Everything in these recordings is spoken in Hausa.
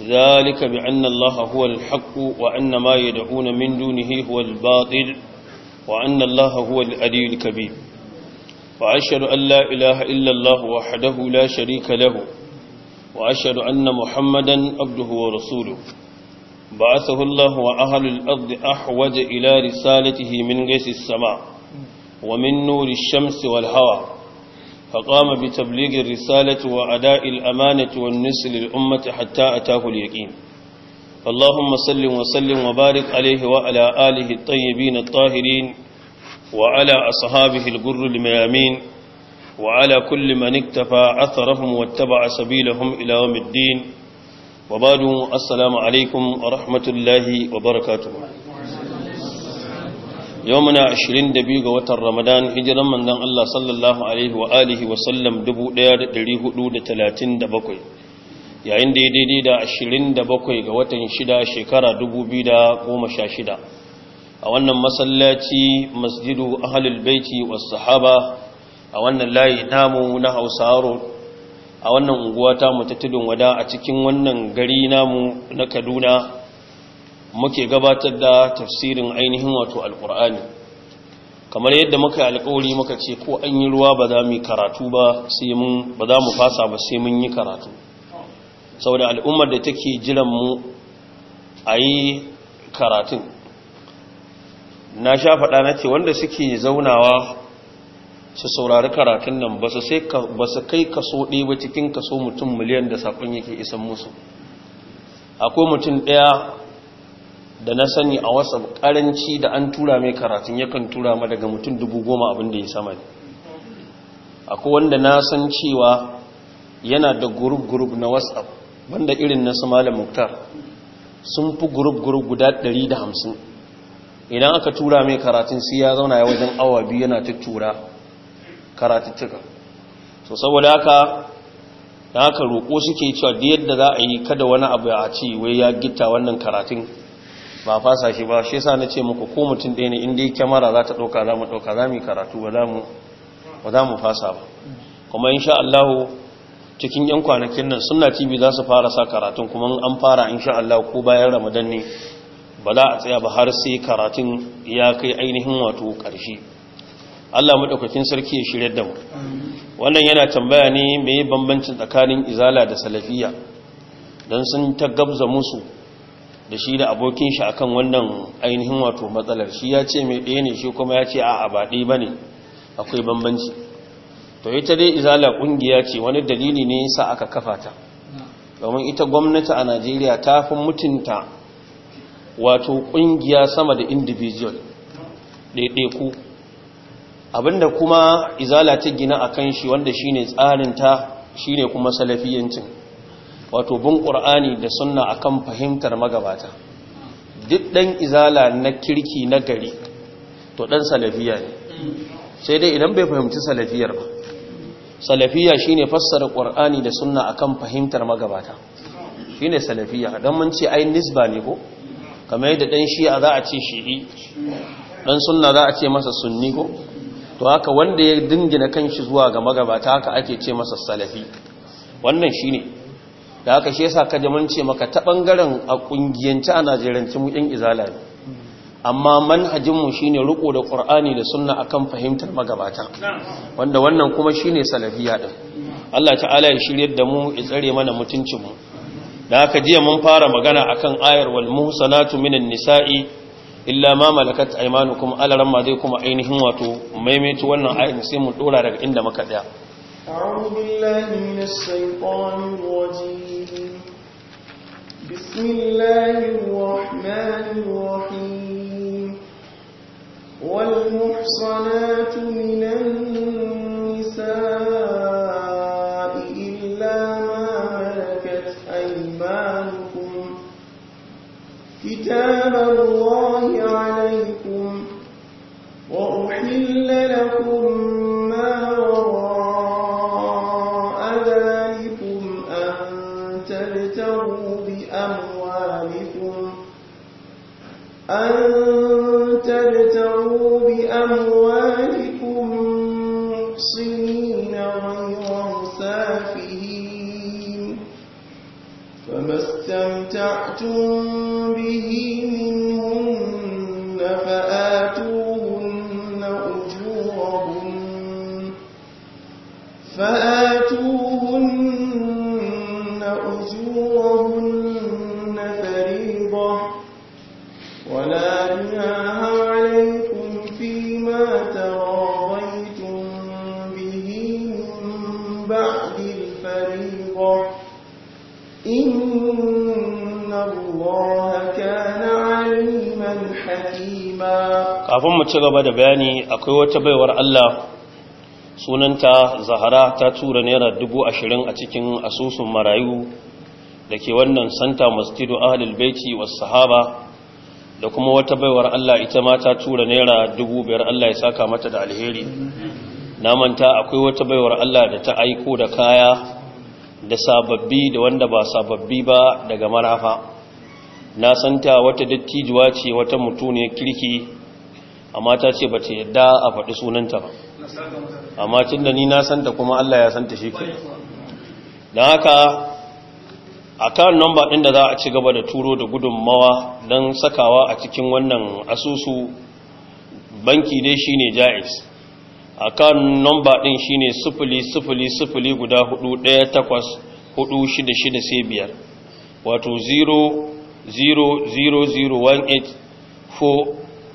ذلك بأن الله هو الحق وأن ما يدعون من دونه هو الباطل وأن الله هو الألي الكبير وأشهد أن لا إله إلا الله وحده لا شريك له وأشهد أن محمدا عبده ورسوله بعثه الله وأهل الأرض أحوج إلى رسالته من غيث السماء ومن نور الشمس والهواء فقام بتبليغ الرسالة وأداء الأمانة والنس للأمة حتى أتاه اليقين اللهم صل وسلم وبارك عليه وعلى آله الطيبين الطاهرين وعلى أصحابه القر الميامين وعلى كل من اكتفى أثرهم واتبع سبيلهم إلى يوم الدين وبعد السلام عليكم ورحمة الله وبركاته yau muna 22 ga watan ramadan hijiran manzon Allah sallallahu alaihi wa alihi wa sallam 1437 yayin da daidai da 27 ga watan shida shekara 2016 a wannan masallaci masjidu ahlul baiti was sahaba a wannan layi namu na hausaro a wannan unguwa ta ta tudun wada a cikin wannan gari namu na Kaduna muke gabatar da tafsirin ainihin wato alkur'ani kamar yadda muka alkawari muka ce ko an yi ruwa ba za mu karatu ba sai mun ba za mu fasa ba sai mun yi karatu saboda al'ummar da take jiran mu a yi karatun na sha faɗa na ce wanda suke zaunawa su saurari karatun nan ba su kai kaso ɗaya ba cikin kaso mutum miliyan da saƙon yake isan musu akwai mutum ɗaya da na sani a whatsapp karanci da an tura mai karatun yakan tura ma daga mutum dubu goma abin ya sama ne akwai wanda na san cewa yana da gurub-gurub na whatsapp banda irin na samala muktar sun fi gurub-gurub guda 150 idan aka tura mai karatun sai ya zauna ya wajen awa biyu yana ta tura karatuttuka so saboda haka da ka roƙo suke cewa da yadda za a yi kada wani abu a ce wai ya gita wannan karatun ba fasa shi ba shi sa na ce muku ko mutum ɗaya ne inda yi kyamara za ta ɗauka za mu ɗauka za mu yi karatu ba za mu fasa ba kuma insha Allah cikin yan kwanakin nan suna tv za su fara sa karatun kuma an fara insha Allah ko bayan ramadan ne ba za a tsaya ba har sai karatun ya kai ainihin wato ƙarshe Allah maɗaukakin sarki ya shirya da mu wannan yana tambaya ne mai bambancin tsakanin izala da salafiya don sun ta gabza musu da shi da abokin shi akan wannan ainihin wato matsalar shi ya ce mai ɗaya ne shi kuma ya ce a abaɗi ba ne akwai bambanci to ita dai izala ƙungiya ce wani dalili ne sa aka kafa ta domin ita gwamnati a najeriya ta fi mutunta wato ƙungiya sama da individual ɗaiɗaiku abinda kuma izala ta gina a kan shi wanda shi ne tsarinta shi ne kuma salafiyancin wato bin ƙur'ani da sunna akan fahimtar magabata duk ɗan izala na kirki na gari to ɗan salafiya ne sai dai idan bai fahimci salafiyar ba salafiya shine fassara ƙur'ani da sunna akan fahimtar magabata shine salafiya don mun ce ai nisba ne ko kamar yadda ɗan shi'a za a ce ɗi ɗan sunna za a ce masa sunni ko to haka wanda ya dingina kanshi zuwa ga magabata haka ake ce masa salafi wannan shine da haka shi yasa kaje mun ce maka ta bangaren a kungiyance a Najeriya mu ɗin izala ne amma manhajin mu shine riko da Qur'ani da sunna akan fahimtar magabata wanda wannan kuma shine salafiya din Allah ta'ala ya shiryar da mu ya tsare mana mutuncin mu da haka jiya mun fara magana akan ayar wal muhsanatu minan nisa'i illa ma malakat aymanukum alaramma zai kuma ainihin wato maimaitu wannan ayar sai mu dora daga inda muka tsaya أعوذ بالله من الشيطان الرجيم بسم الله الرحمن الرحيم والمحصنات من النساء إلا ما ملكت أيمانكم كتاب الله عليكم وأحل لكم أن تبتغوا بأموالكم محصنين غير مسافهين فما استمتعتم به منهن فأ ci gaba da bayani akwai wata baiwar Allah sunanta zahara ta tura naira dubu ashirin a cikin asusun marayu da ke wannan santa masjidu ahalil baiti wasu sahaba da kuma wata baiwar Allah ita ma ta tura naira dubu biyar Allah ya saka mata da alheri na manta akwai wata baiwar Allah da ta aiko da kaya da sababbi da wanda ba sababbi ba daga marafa na santa wata dattijuwa ce wata ne kirki amma ta ce ba ce yadda a faɗi sunanta ba amma cin da ni na santa kuma Allah ya santa shi don haka akan nomba ɗin da za a ci gaba da turo da gudunmawa don sakawa a cikin wannan asusu banki dai shine jais kan nomba ɗin shine sifili sifili sifili guda hudu ɗaya takwas hudu shida shida sai biyar wato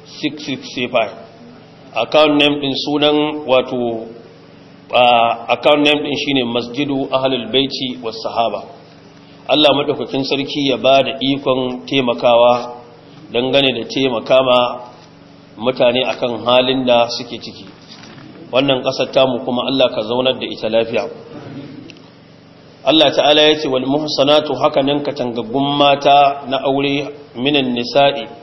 6665 account name din sunan wato account name din shine masjidu ahlul baiti was sahaba Allah madaukakin sarki ya ba da ikon taimakawa dangane da taimakama mutane akan halin da suke ciki wannan kasar tamu kuma Allah ka zaunar da ita lafiya Allah ta'ala ya ce wal muhsanatu hakanan katangaggun mata na aure minan nisa'i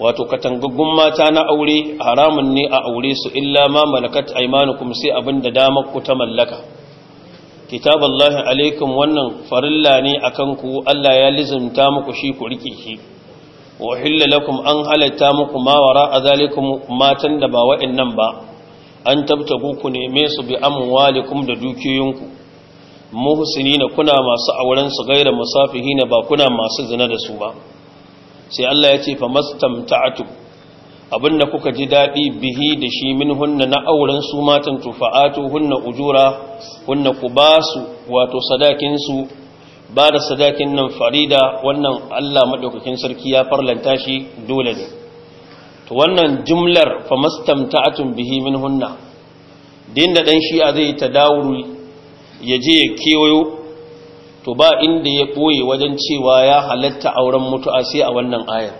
wato katangaggun mata na aure haramun ne a aure su illa ma malakat aymanukum sai abin da damar ku ta mallaka kitaballahi alaikum wannan farilla ne akan ku Allah ya lizumta muku shi ku rike shi wa hilla lakum an halatta muku ma wara azalikum matan da ba wa'annan ba an tabtagu ku ne me su bi amwalikum da dukiyoyinku muhsinina kuna masu auren su gaira musafihina ba kuna masu zina da su ba sai Allah ya ce fa mastamta'tu abinda kuka ji dadi bihi da shi min hunna na auren su matan tufa'atu hunna ujura hunna kubasu wato sadakin su ba da sadakin nan farida wannan Allah madaukakin sarki ya farlanta shi dole ne to wannan jumlar fa mastamta'tu bihi min hunna din da dan shi'a zai tadawuri yaje ya kewayo to ba inda ya ɓoye wajen cewa ya halatta auren mutu'a sai a wannan ayar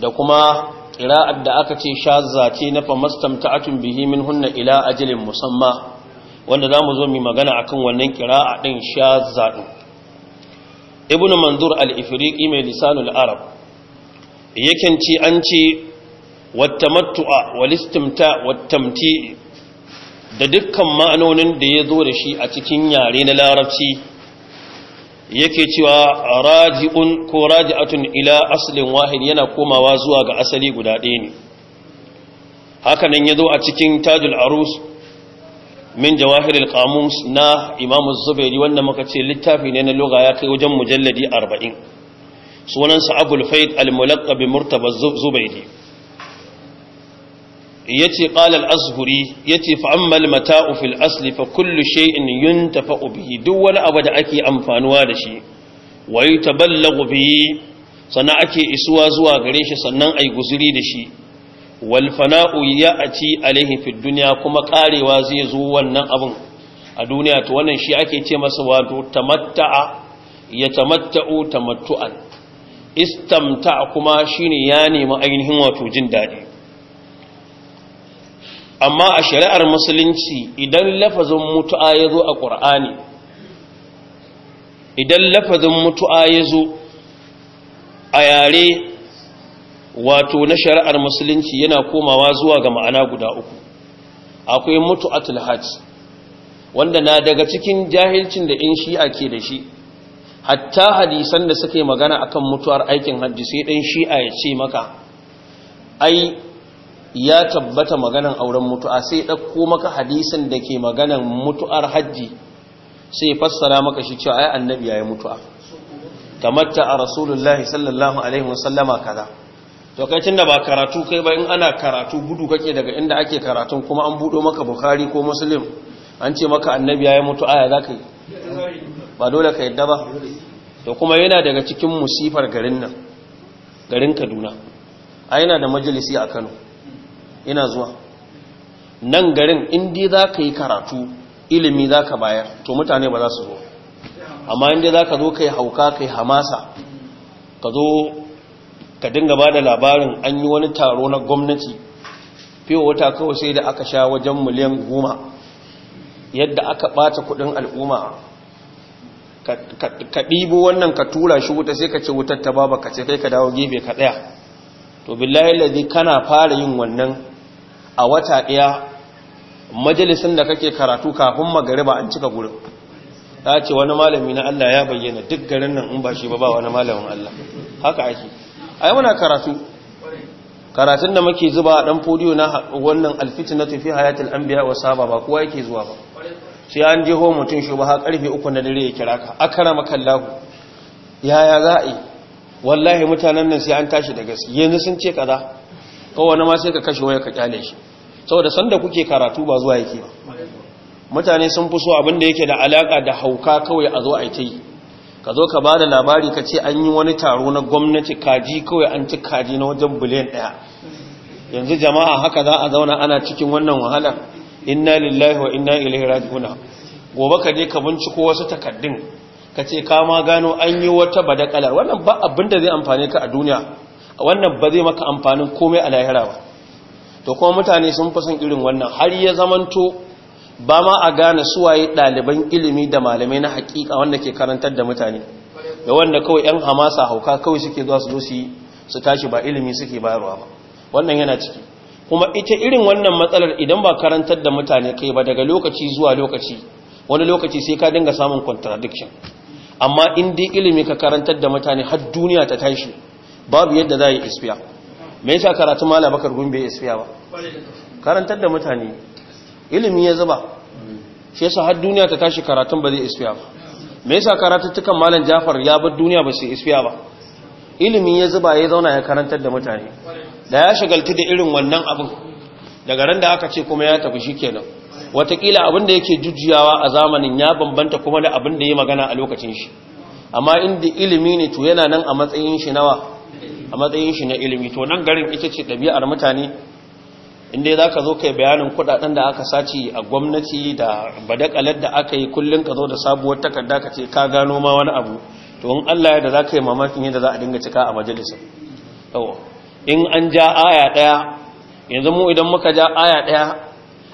da kuma ƙira'ar da aka ce sha zace na ta atun bihi min hunna ila ajalin musamma wanda za mu zo mai magana akan wannan ƙira'a ɗin sha zaɗin ibn manzur al-ifriqi mai lisanul arab yakan ce an ce wattamattu'a walistimta watamti. da dukkan ma'anonin da ya zo da shi a cikin yare na larabci yake cewa raji'un ko raji'atun ila aslin wahid yana komawa zuwa ga asali guda ɗaya ne hakanan nan ya zo a cikin tajul arus min jawahiril qamus na imam zubairi wanda muka ce littafi ne na lugha ya kai wajen mujalladi 40 sunansa abul faid al-mulaqab murtaba zubairi yace qala al-azhuri yace fa amma matau fil asli fa kullu shay'in yuntafa'u ubi duk wani abu da ake amfanuwa da shi wa ta bihi sannan ake isuwa zuwa gare shi sannan ai guziri da shi wal fana'u ci alaihi fid dunya kuma karewa zai zo wannan abin a duniya to wannan shi ake ce masa wato tamatta'a tamatta'u tamattu'an istamta kuma shine ya nemi ainihin wato jin daɗi. amma a shari'ar musulunci idan lafazin mutu'a ya zo a ƙur'ani idan lafazin mutu'a ya zo a yare wato na shari'ar musulunci yana komawa zuwa ga ma'ana guda uku akwai mutu'atul hajj wanda na daga cikin jahilcin da in shi'a ke da shi hatta hadisan da suke magana akan mutuwar aikin hajji sai ɗan shi'a ya ce maka ai ya tabbata maganan auren mutu'a sai ɗauko maka hadisin da ke maganan mutu'ar hajji sai fassara maka shi cewa ai annabi yayi mutu'a tamatta a rasulullahi sallallahu alaihi wasallama kaza to kai tunda ba karatu kai ba in ana karatu gudu kake daga inda ake karatu kuma an budo maka bukhari ko muslim an ce maka annabi yayi mutu'a ya zaka yi ba dole ka yadda ba to kuma yana daga cikin musifar garin nan garin Kaduna Ai yana da majalisi a Kano ina zuwa nan garin inda za ka yi karatu ilimi za ka bayar to mutane ba za su zo amma inda za ka zo ka yi hauka ka yi hamasa ka zo ka dinga ba da labarin an yi wani taro na gwamnati fiye wata kawai sai da aka sha wajen miliyan goma yadda aka bata kudin al'umma ka ɗibo wannan ka tura shi wuta sai ka ce wutar ta ba ka ce kai ka dawo gefe ka ɗaya to billahi lalzi kana fara yin wannan a wata ɗaya majalisun da kake karatu kafin magariba an cika gurin ta ce wani malami na Allah ya bayyana duk garin nan in ba shi ba ba wani malamin Allah haka ake ai muna karatu karatun da muke zuba a dan fodiyo na wannan alfitnatu fi hayatil anbiya wa sahaba ba kowa yake zuwa ba sai an ho mutum shi ba har karfe 3 na dare ya kira ka akrama kallahu yaya za a yi wallahi mutanen nan sai an tashi da gaske yanzu sun ce kaza Kowa wani ma sai ka kashe waya ka kyale shi saboda sanda kuke karatu ba zuwa yake mutane sun fi so abin yake da alaka da hauka kawai a zo a ta yi ka zo ka ba da labari ka ce an yi wani taro na gwamnati kaji kawai an ci kaji na wajen biliyan ɗaya yanzu jama'a haka za a zauna ana cikin wannan wahala inna lillahi wa inna ilaihi raji'un gobe ka je ka binciko wasu takaddun ka ce ka ma gano an yi wata badakalar wannan ba abin zai amfane ka a duniya wannan ba zai maka amfanin komai a lahira ba to kuma mutane sun fi son irin wannan har ya zamanto ba ma a gane suwaye ɗaliban ilimi da malamai na haƙiƙa wanda ke karantar da mutane da wanda kawai 'yan hamasa hauka kawai suke zuwa su zo su tashi ba ilimi suke bayarwa ba wannan yana ciki kuma ita irin wannan matsalar idan ba karantar da mutane kai ba daga lokaci zuwa lokaci wani lokaci sai ka dinga samun contradiction amma in dai ilimi ka karantar da mutane har duniya ta tashi babu yadda za a yi ispiya me yasa karatu mala bakar gumbe ya ba karantar da mutane ilimi ya zuba shi yasa har duniya ta tashi karatun ba zai isfiya ba me yasa tukan malam jafar ya bar duniya ba su isfiya ba ilimi ya zuba ya zauna ya karantar da mutane da ya shagaltu da irin wannan abin daga ran da aka ce kuma ya tafi shi kenan. watakila abin da yake jujjuyawa a zamanin ya bambanta kuma da abin da ya magana a lokacin shi amma inda ilimi ne to yana nan a matsayin shi nawa a matsayin shi na ilimi to nan garin ita ce ɗabi'ar mutane inda za ka zo kai bayanin kudaden da aka sace a gwamnati da badakalar da aka yi kullum ka zo da sabuwar takarda ka ce ka gano ma wani abu to in Allah ya da za ka yi mamakin yadda za a dinga cika a majalisa in an ja aya ɗaya yanzu mu idan muka ja aya ɗaya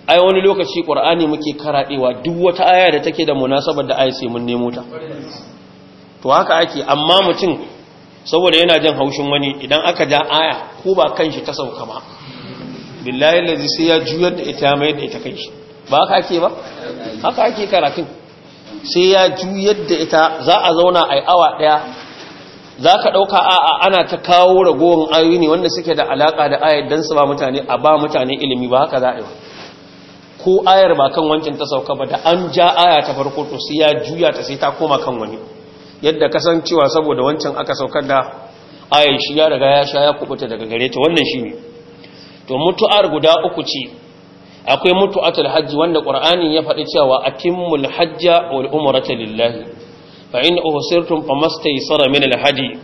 ai wani lokaci ƙur'ani muke karaɗewa duk wata aya da take da munasabar da aya sai mun nemo ta to haka ake amma mutum saboda yana jan haushin wani idan aka ja aya ko ba kanshi ta sauka ba billahi lazi sai ya juyar da ita mai da ita kanshi ba haka ake ba haka ake karatun sai ya juyar da ita za a zauna a awa daya za ka ɗauka a'a ana ta kawo ragowar ayoyi ne wanda suke da alaƙa da ayar don su ba mutane a ba mutane ilimi ba haka za a yi ko ayar ba kan wancan ta sauka ba da an ja aya ta farko to sai ya juya ta sai ta koma kan wani yadda kasancewa saboda wancan aka saukar da ayin shiga daga ya sha ya kubuta daga gare ta wannan shi ne to mutu'ar guda uku ce akwai mutu'atul hajji wanda qur'ani ya faɗi cewa atimmul hajja wal umrata lillahi fa in uhsirtum famastaysara min al hadi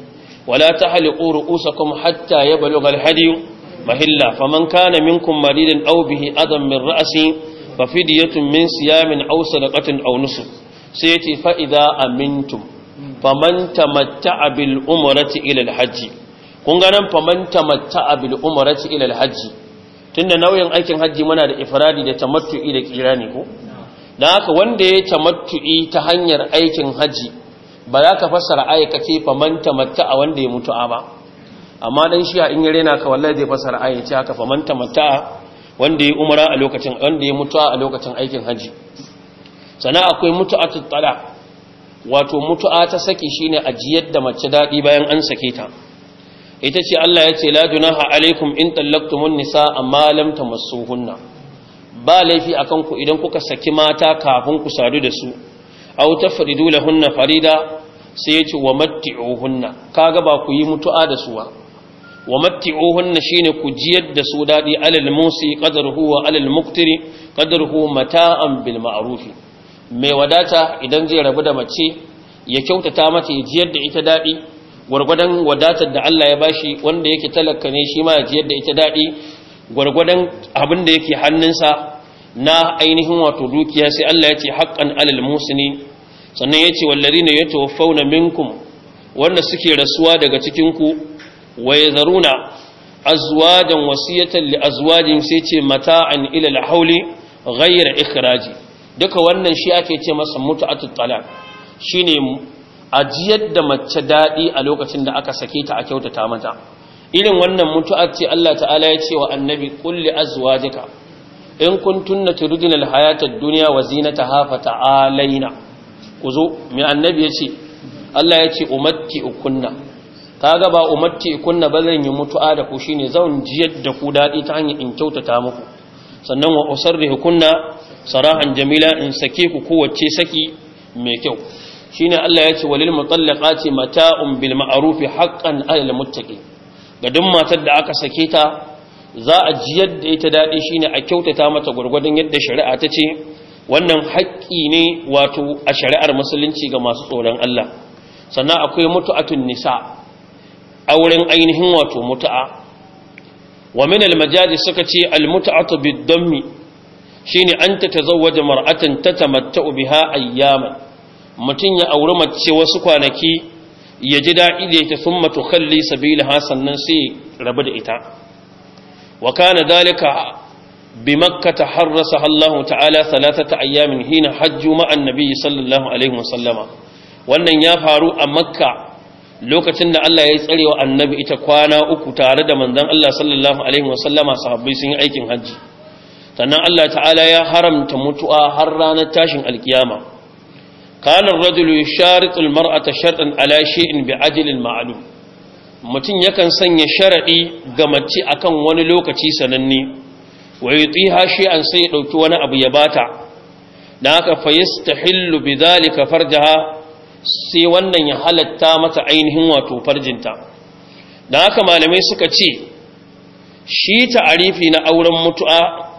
wala tahliqu ru'usakum hatta yablugha al hadi mahilla faman kana minkum maridan aw bihi adam min ra'si fa fidyatun min siyamin aw sadaqatin aw nusuk sai yace fa idza amintum faman tamatta'a bil umrati ila al-hajj kun ga nan faman tamatta'a bil umrati ila al-hajj tunda nauyin aikin haji muna da ifradi da tamattu'i da kirani ko dan haka wanda ya tamattu'i ta hanyar aikin haji ba za ka fassara aya ce faman tamatta'a wanda ya mutu a ba amma dan shi a in yare na ka wallahi zai fassara aya ce haka faman tamatta'a wanda ya umra a lokacin wanda ya mutu a lokacin aikin haji sana akwai mutu'atut talaq wato mutu'a ta saki shine ajiyar da mace daɗi bayan an sake ta ita ce Allah ya ce la dunaha alaikum in tallaqtumun nisa amma lam tamassuhunna ba laifi akan ku idan kuka saki mata kafin ku sadu da su aw tafridu lahunna farida sai ya ce wa matti'uhunna kaga ba ku yi mutu'a da su ba wa matti'uhunna shine ku jiyar da su daɗi alal musi qadaruhu wa alal muqtiri qadaruhu mata'an bil ma'rufi mai wadata idan zai rabu da mace ya kyautata mata ya jiyar da ita daɗi gwargwadon wadatar da Allah ya bashi wanda yake talaka ne shi ma ya jiyar da ita daɗi gwargwadon abin da yake hannunsa na ainihin wato dukiya sai Allah ya ce haƙƙan alal musini sannan ya ce wallari ne ya tawaffauna minkum wanda suke rasuwa daga cikinku wa zaruna azwajan wasiyatan li azwajin sai ce mata'an ila hauli ghayra ikhraji duka wannan shi ake ce masa tuttala shi ne ajiyar da mace daɗi a lokacin da aka sake ta a kyautata mata irin wannan a ce Allah ta'ala ya ce wa annabi qul azuwa azwajika in kun tunna alhayata alhayatar duniya wa ta fa ta'alaina zo mai annabi ya ce Allah ya ce umarci ukunna ta ba umarci ukunna ba zan yi mutu'a da ku shi ne zaun jiyar da ku daɗi ta hanyar in kyautata muku sannan wa da kunna sarahan jamila in sake ku kowace saki mai kyau shine Allah ya ce walil mutallaqati mata'un bil ma'ruf haqqan 'alal muttaqin ga duk matar da aka sake ta za a ji yadda ita dadi shine a kyautata mata gwargwadon yadda shari'a ta ce wannan haƙƙi ne wato a shari'ar musulunci ga masu tsoron Allah sannan akwai mutu'atun nisa auren ainihin wato mutu'a wa min al majaji suka ce al mut'atu bid dammi shine an ta tazawwaja mar'atan tatamatta'u biha ayyaman mutun ya auri mace wasu kwanaki ya ji daɗi da yake thumma tukhalli sabilaha sannan sai rabu da ita wa kana dalika bi makkah harrasa Allah ta'ala salatata ayyamin hina hajju ma'an nabiy sallallahu alaihi sallama. wannan ya faru a makka lokacin da Allah ya tsare wa annabi ita kwana uku tare da manzon Allah sallallahu alaihi wasallama sahabbai sun yi aikin hajji sannan Allah ta'ala ya haramta mutuwa har ranar tashin alkiyama kanar rajulu ya sharitul mar'ata sharɗin ala shi'in bi ajilin ma'alum mutum yakan sanya sharaɗi ga mace akan wani lokaci sananne wa yi shi shi'an sai ya ɗauki wani abu ya bata na haka fayis ta hillu bi zalika farjaha sai wannan ya halatta mata ainihin wato farjinta da haka malamai suka ce shi ta'arifi na auren mutu'a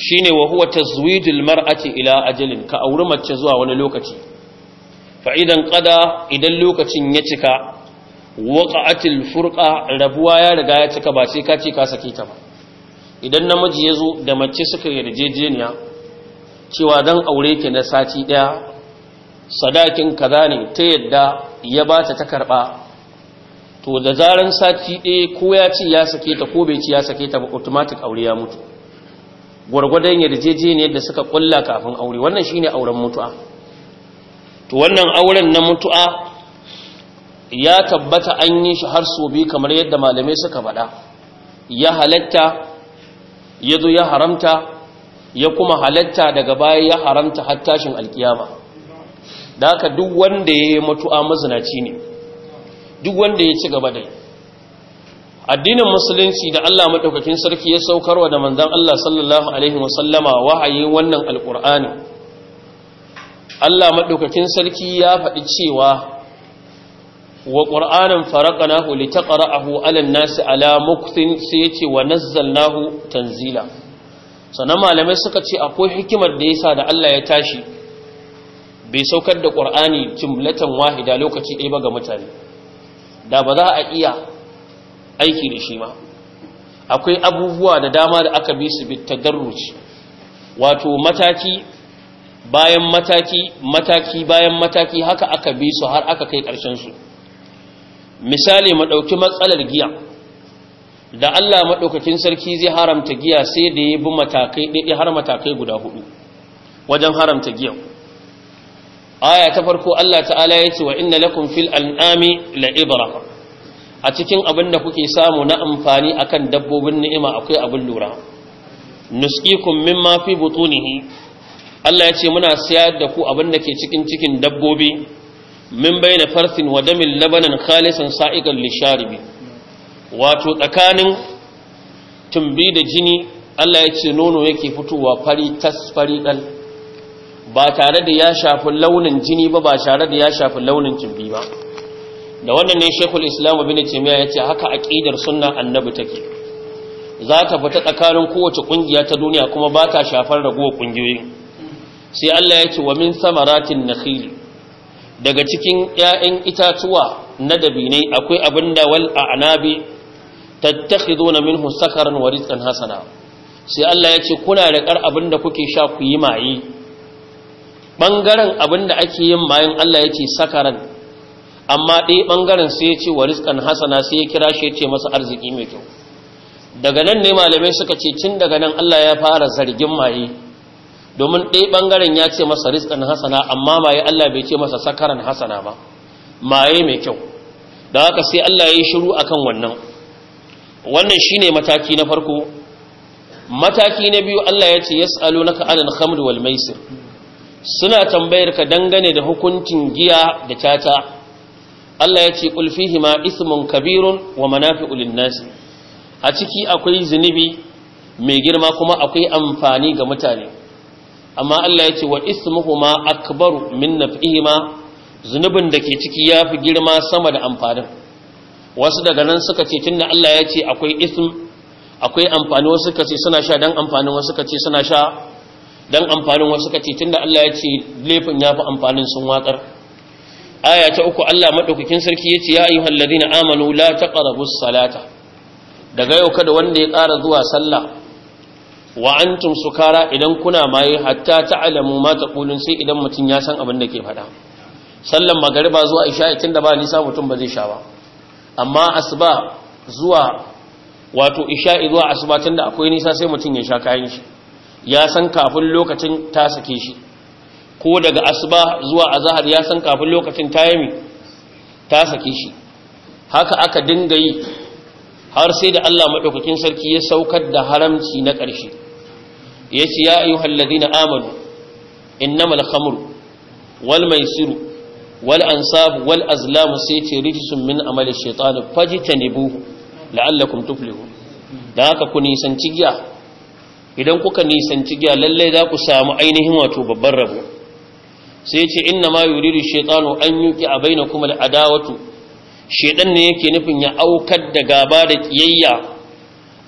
Shi shine wa huwa tazwijul mar'ati ila ajalin ka auri mace zuwa wani lokaci Fa'idan ƙada idan lokacin ya cika atil furka rabuwa ya riga ya cika ba ce ka ce ka sake ta ba idan namiji ya zo da mace suka yarjejeniya cewa dan aure ki na sati ɗaya, sadakin ka za ne ta yadda ya ba ta ta to da zaran sati ɗaya ko ya ce ya sake ta ko bai ce ya sake ta ba automatic aure ya mutu gwargwadon yarjejeniyar da suka kulla kafin aure wannan shi ne auren mutu'a to wannan auren na mutu'a ya tabbata an yi shi har so bi kamar yadda malamai suka faɗa ya halatta ya zo ya haramta ya kuma halatta daga baya ya haramta har tashin alkiyama da haka duk wanda ya yi mutu'a mazinaci ne duk wanda ya ci gaba da yi addinin musulunci da Allah madaukakin sarki ya saukarwa da manzon Allah sallallahu alaihi wasallama wahayi wannan alqur'ani Allah madaukakin sarki ya faɗi cewa wa qur'anan faraqnahu litaqra'ahu 'ala an-nasi 'ala mukthin sai yace wa nazzalnahu tanzila sannan malamai suka ce akwai hikimar da yasa da Allah ya tashi bai saukar da ƙur'ani jumlatan wahida lokaci ɗaya ba ga mutane da ba za a iya aiki da shi ma akwai abubuwa da dama da aka bi su bi tagarruci wato mataki bayan mataki mataki bayan mataki haka aka bi su har aka kai ƙarshen su misali mu ɗauki matsalar giya da Allah maɗaukakin sarki zai haramta giya sai da ya bi matakai ɗaiɗai har matakai guda hudu wajen haramta giya aya ta farko Allah ta'ala ya ce wa inna lakum fil an'ami la ibra a cikin abin da kuke samu na amfani a kan dabbobin ni'ima akwai abin lura nusqikum min fi butunihi Allah ya ce muna sayar da ku abin da ke cikin cikin dabbobi min na farsin wa damin labanan khalisan sa'igan lisharibi wato tsakanin tumbi da jini Allah ya ce nono yake fitowa fari tas fari ɗal ba tare da ya shafi launin jini ba ba tare da ya shafi launin tumbi ba da wannan ne shekul islam bin timiya ya ce haka aƙidar sunna annabi take za ta fita tsakanin kowace ƙungiya ta duniya kuma ba ta shafar ragowar ƙungiyoyi sai allah ya ce wa min samaratin nakhili daga cikin 'ya'yan itatuwa na dabinai akwai abin da wal a a'nabi tattakhiduna minhu sakaran wari rizqan hasana sai allah ya ce kuna da kar abin da kuke sha ku yi maye ɓangaren abin da ake yin mayan allah ya ce sakaran amma ɗaya ɓangaren sai ya ce wa rizkan hasana sai ya kira shi ya ce masa arziki mai kyau daga nan ne malamai suka ce tun daga nan Allah ya fara zargin maye domin ɗaya ɓangaren ya ce masa rizkan hasana amma maye Allah bai ce masa sakaran hasana ba maye mai kyau da haka sai Allah ya yi shiru a kan wannan wannan shine mataki na farko mataki na biyu Allah ya ce ya yas'alunaka anil khamr wal maisir suna tambayar ka dangane da hukuncin giya da tata Allah ya ce qul ma ismun kabirun wa manafi'u lin a ciki akwai zunubi mai girma kuma akwai amfani ga mutane amma Allah ya ce wa ismuhu ma akbaru min ma zunubin da ke ciki ya fi girma sama da amfanin wasu daga nan suka ce tunda Allah ya ce akwai ism akwai amfani wasu suka ce suna sha dan amfanin wasu suka ce suna sha dan amfanin wasu suka ce tunda Allah ya ce laifin fi amfanin sun watsar aya ta uku Allah madaukakin sarki ya ce, ya ayyuhal na amanu la taqrabus salata daga yau kada wanda ya ƙara zuwa sallah wa antum sukara idan kuna maye hatta ta'lamu ma taqulun sai idan mutun ya san abin da ke faɗa sallan ba zuwa isha ikin da ba nisa mutum ba zai sha ba amma asuba zuwa wato isha zuwa asuba tunda akwai nisa sai mutum ya sha kayan shi ya san kafin lokacin ta sake shi ko daga asuba zuwa azahar ya san kafin lokacin tayami ta saki shi haka aka dinga yi har sai da Allah maɗaukakin sarki ya saukar da haramci na ƙarshe ya ce ya ayyuha alladhina amanu innamal khamru wal maisiru wal ansab wal azlam sai ce rijsun min amali shaytan fajtanibuhu la'allakum tuflihun da haka ku nisanci giya idan kuka nisanci giya lallai za ku samu ainihin wato babban rabo sai ce inna ma yuridu shaytanu an yuqi kuma da adawatu shedan ne yake nufin ya aukar da gaba da kiyayya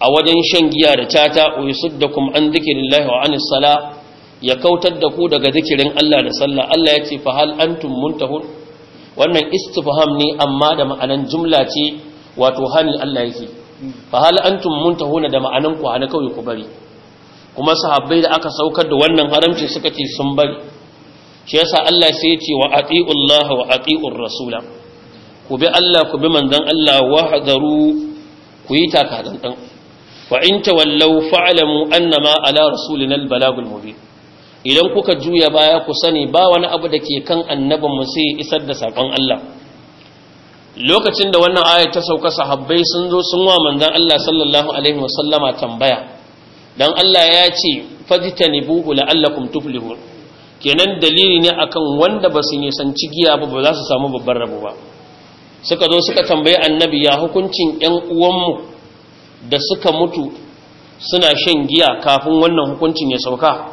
a wajen shan giya da tata wa yusuddakum an dhikrillahi wa anis sala ya kautar da ku daga zikirin Allah da sallah Allah ya ce fa hal antum muntahun wannan istifham ne amma da ma'anan jumla ce wato hani Allah yake fa hal antum muntahuna da ma'anan ku hana kawai ku bari kuma sahabbai da aka saukar da wannan haramci suka ce sun bari shi yasa Allah sai ya ce wa ati'ullah wa ati'ur rasula ku bi Allah ku bi manzon Allah wa hadaru ku yi taka dandan wa in tawallaw fa'lamu annama ala rasulina albalagul mubin idan kuka juya baya ku sani ba wani abu da ke kan annabin mu sai isar da sakon Allah lokacin da wannan aya ta sauka sahabbai sun zo sun wa manzon Allah sallallahu alaihi Sallama tambaya dan Allah ya ce fajtanibuhu la'allakum tuflihun kenan dalili ne akan wanda ba su nisanci giya ba ba za su samu babban rabu ba suka zo suka tambayi annabi ya hukuncin ‘yan uwanmu da suka mutu suna shan giya kafin wannan hukuncin ya sauka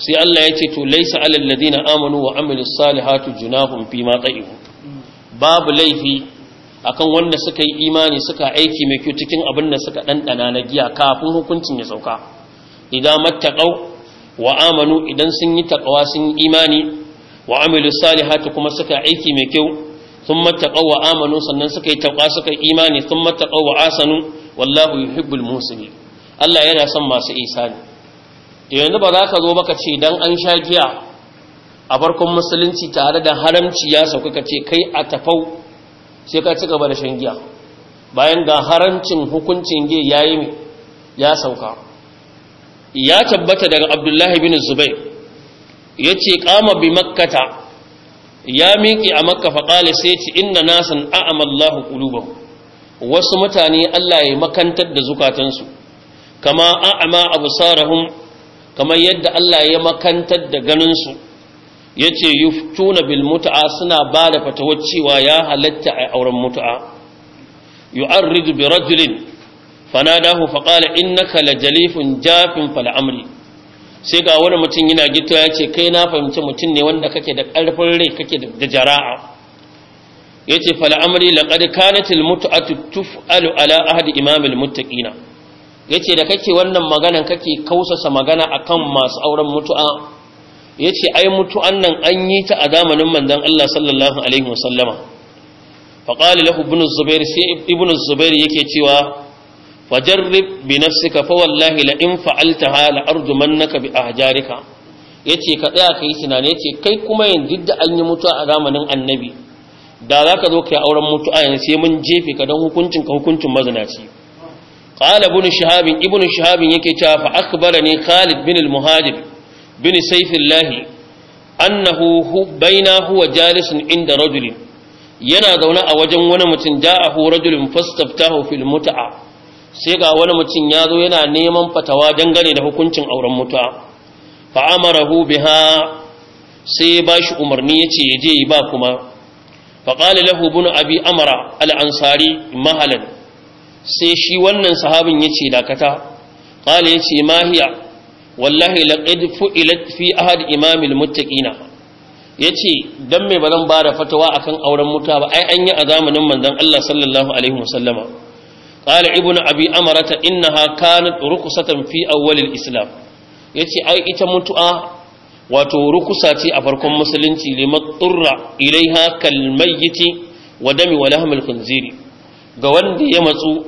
sai Allah ya ce to laisa alal ladina amanu wa amilus salihatu junahum fi ma babu laifi akan wanda suka yi imani suka aiki mai kyau cikin abin da suka dandana na giya kafin hukuncin ya sauka idan mattaqau wa amanu idan sun yi taqwa sun imani wa amilu salihati kuma suka aiki mai kyau thumma taqaw wa amanu sannan suka yi taqwa suka yi imani thumma taqaw wa asanu wallahu yuhibbul muslimin Allah yana son masu isani to yanzu ba za ka zo baka ce dan an sha giya a farkon musulunci tare da haramci ya sauka ka ce kai a tafau sai ka ci gaba da shan giya bayan ga haramcin hukuncin giya yayi ya sauka ya tabbata daga abdullahi bin zubair ya ce kama bi makkata ya miƙi a makka faƙali sai ce inna nasan a'amallahu ƙuluba wasu mutane allah ya makantar da zukatansu kama a'ama abu sarahun kamar yadda allah ya makantar da ganinsu ya ce tuna bil mutu'a suna ba da fatawar cewa ya halatta a auren mutu'a yu'arridu bi rajulin fanadahu na innaka jalifun jafin fal sai ga wani mutum yana gito ya ce kai na fahimci mutum ne wanda kake da ƙarfin rai kake da jara'a ya ce fal'amri laƙad kanatil mutu'atu tuf'alu ala ahadi imamil muttaƙina ya ce da kake wannan magana kake kausasa magana a kan masu auren mutu'a ya ce ai mutu'an nan an yi ta a zamanin manzon Allah sallallahu alaihi wasallama faƙali lahu ibn zubair sai ibn zubair yake cewa fajarrib bi nafsika fa wallahi la in fa'altaha la arjumannaka bi ahjarika yace ka tsaya kai tunani yace kai kuma yanzu da an yi mutuwa a zamanin annabi da zaka zo kai auren mutuwa yanzu sai mun jefe ka dan hukuncin ka hukuncin mazinaci qala ibn shihab ibn shihab yake cewa fa akhbarani khalid bin al-muhajib bin sayfillah annahu baina huwa jalisun inda rajulin yana zaune a wajen wani mutum ja'ahu rajulun fastaftahu fil mut'a sai ga wani mutum ya zo yana neman fatawa dangane da hukuncin auren mutuwa fa'amarahu biha sai ba shi umarni ya ce ya je ba kuma faƙali lahu bin abi amara al'ansari mahalin. sai shi wannan sahabin ya ce dakata ƙali ya ce mahiya wallahi laƙid fu'ilat fi ahad imamil muttaƙina ya ce don mai ba zan ba da fatawa akan auren mutuwa ba ai an yi a zamanin manzan Allah sallallahu alaihi wasallama qala ibnu abi amarata innaha kanat rukusatan fi awwal al-islam yace ai ita mutu'a wato rukusa ce a farkon musulunci limat turra ilaiha kalmayyiti wa dami wa lahmil khinziri ga wanda ya matsu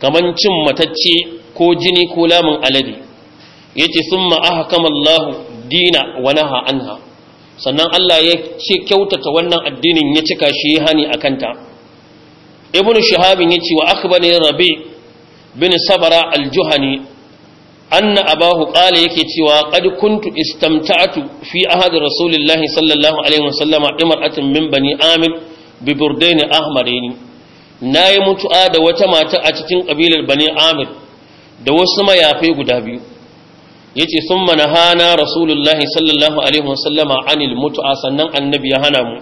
kaman cin matacce ko jini ko lamun alade yace summa ahkama Allah dina wa naha anha sannan Allah ya ce kyautata wannan addinin ya cika shi hani akanta ibn shahabin yace wa akhbani rabi bin sabara al-juhani anna abahu qala yake cewa qad kuntu istamta'tu fi ahad rasulillahi sallallahu alaihi wasallam imra'atin min bani amir bi burdain ahmarain nayi mutu'a da wata mata a cikin kabilar bani amir da wasu mayafai guda biyu yace thumma nahana rasulullahi sallallahu alaihi wasallama anil mutu'a sannan annabi ya hana mu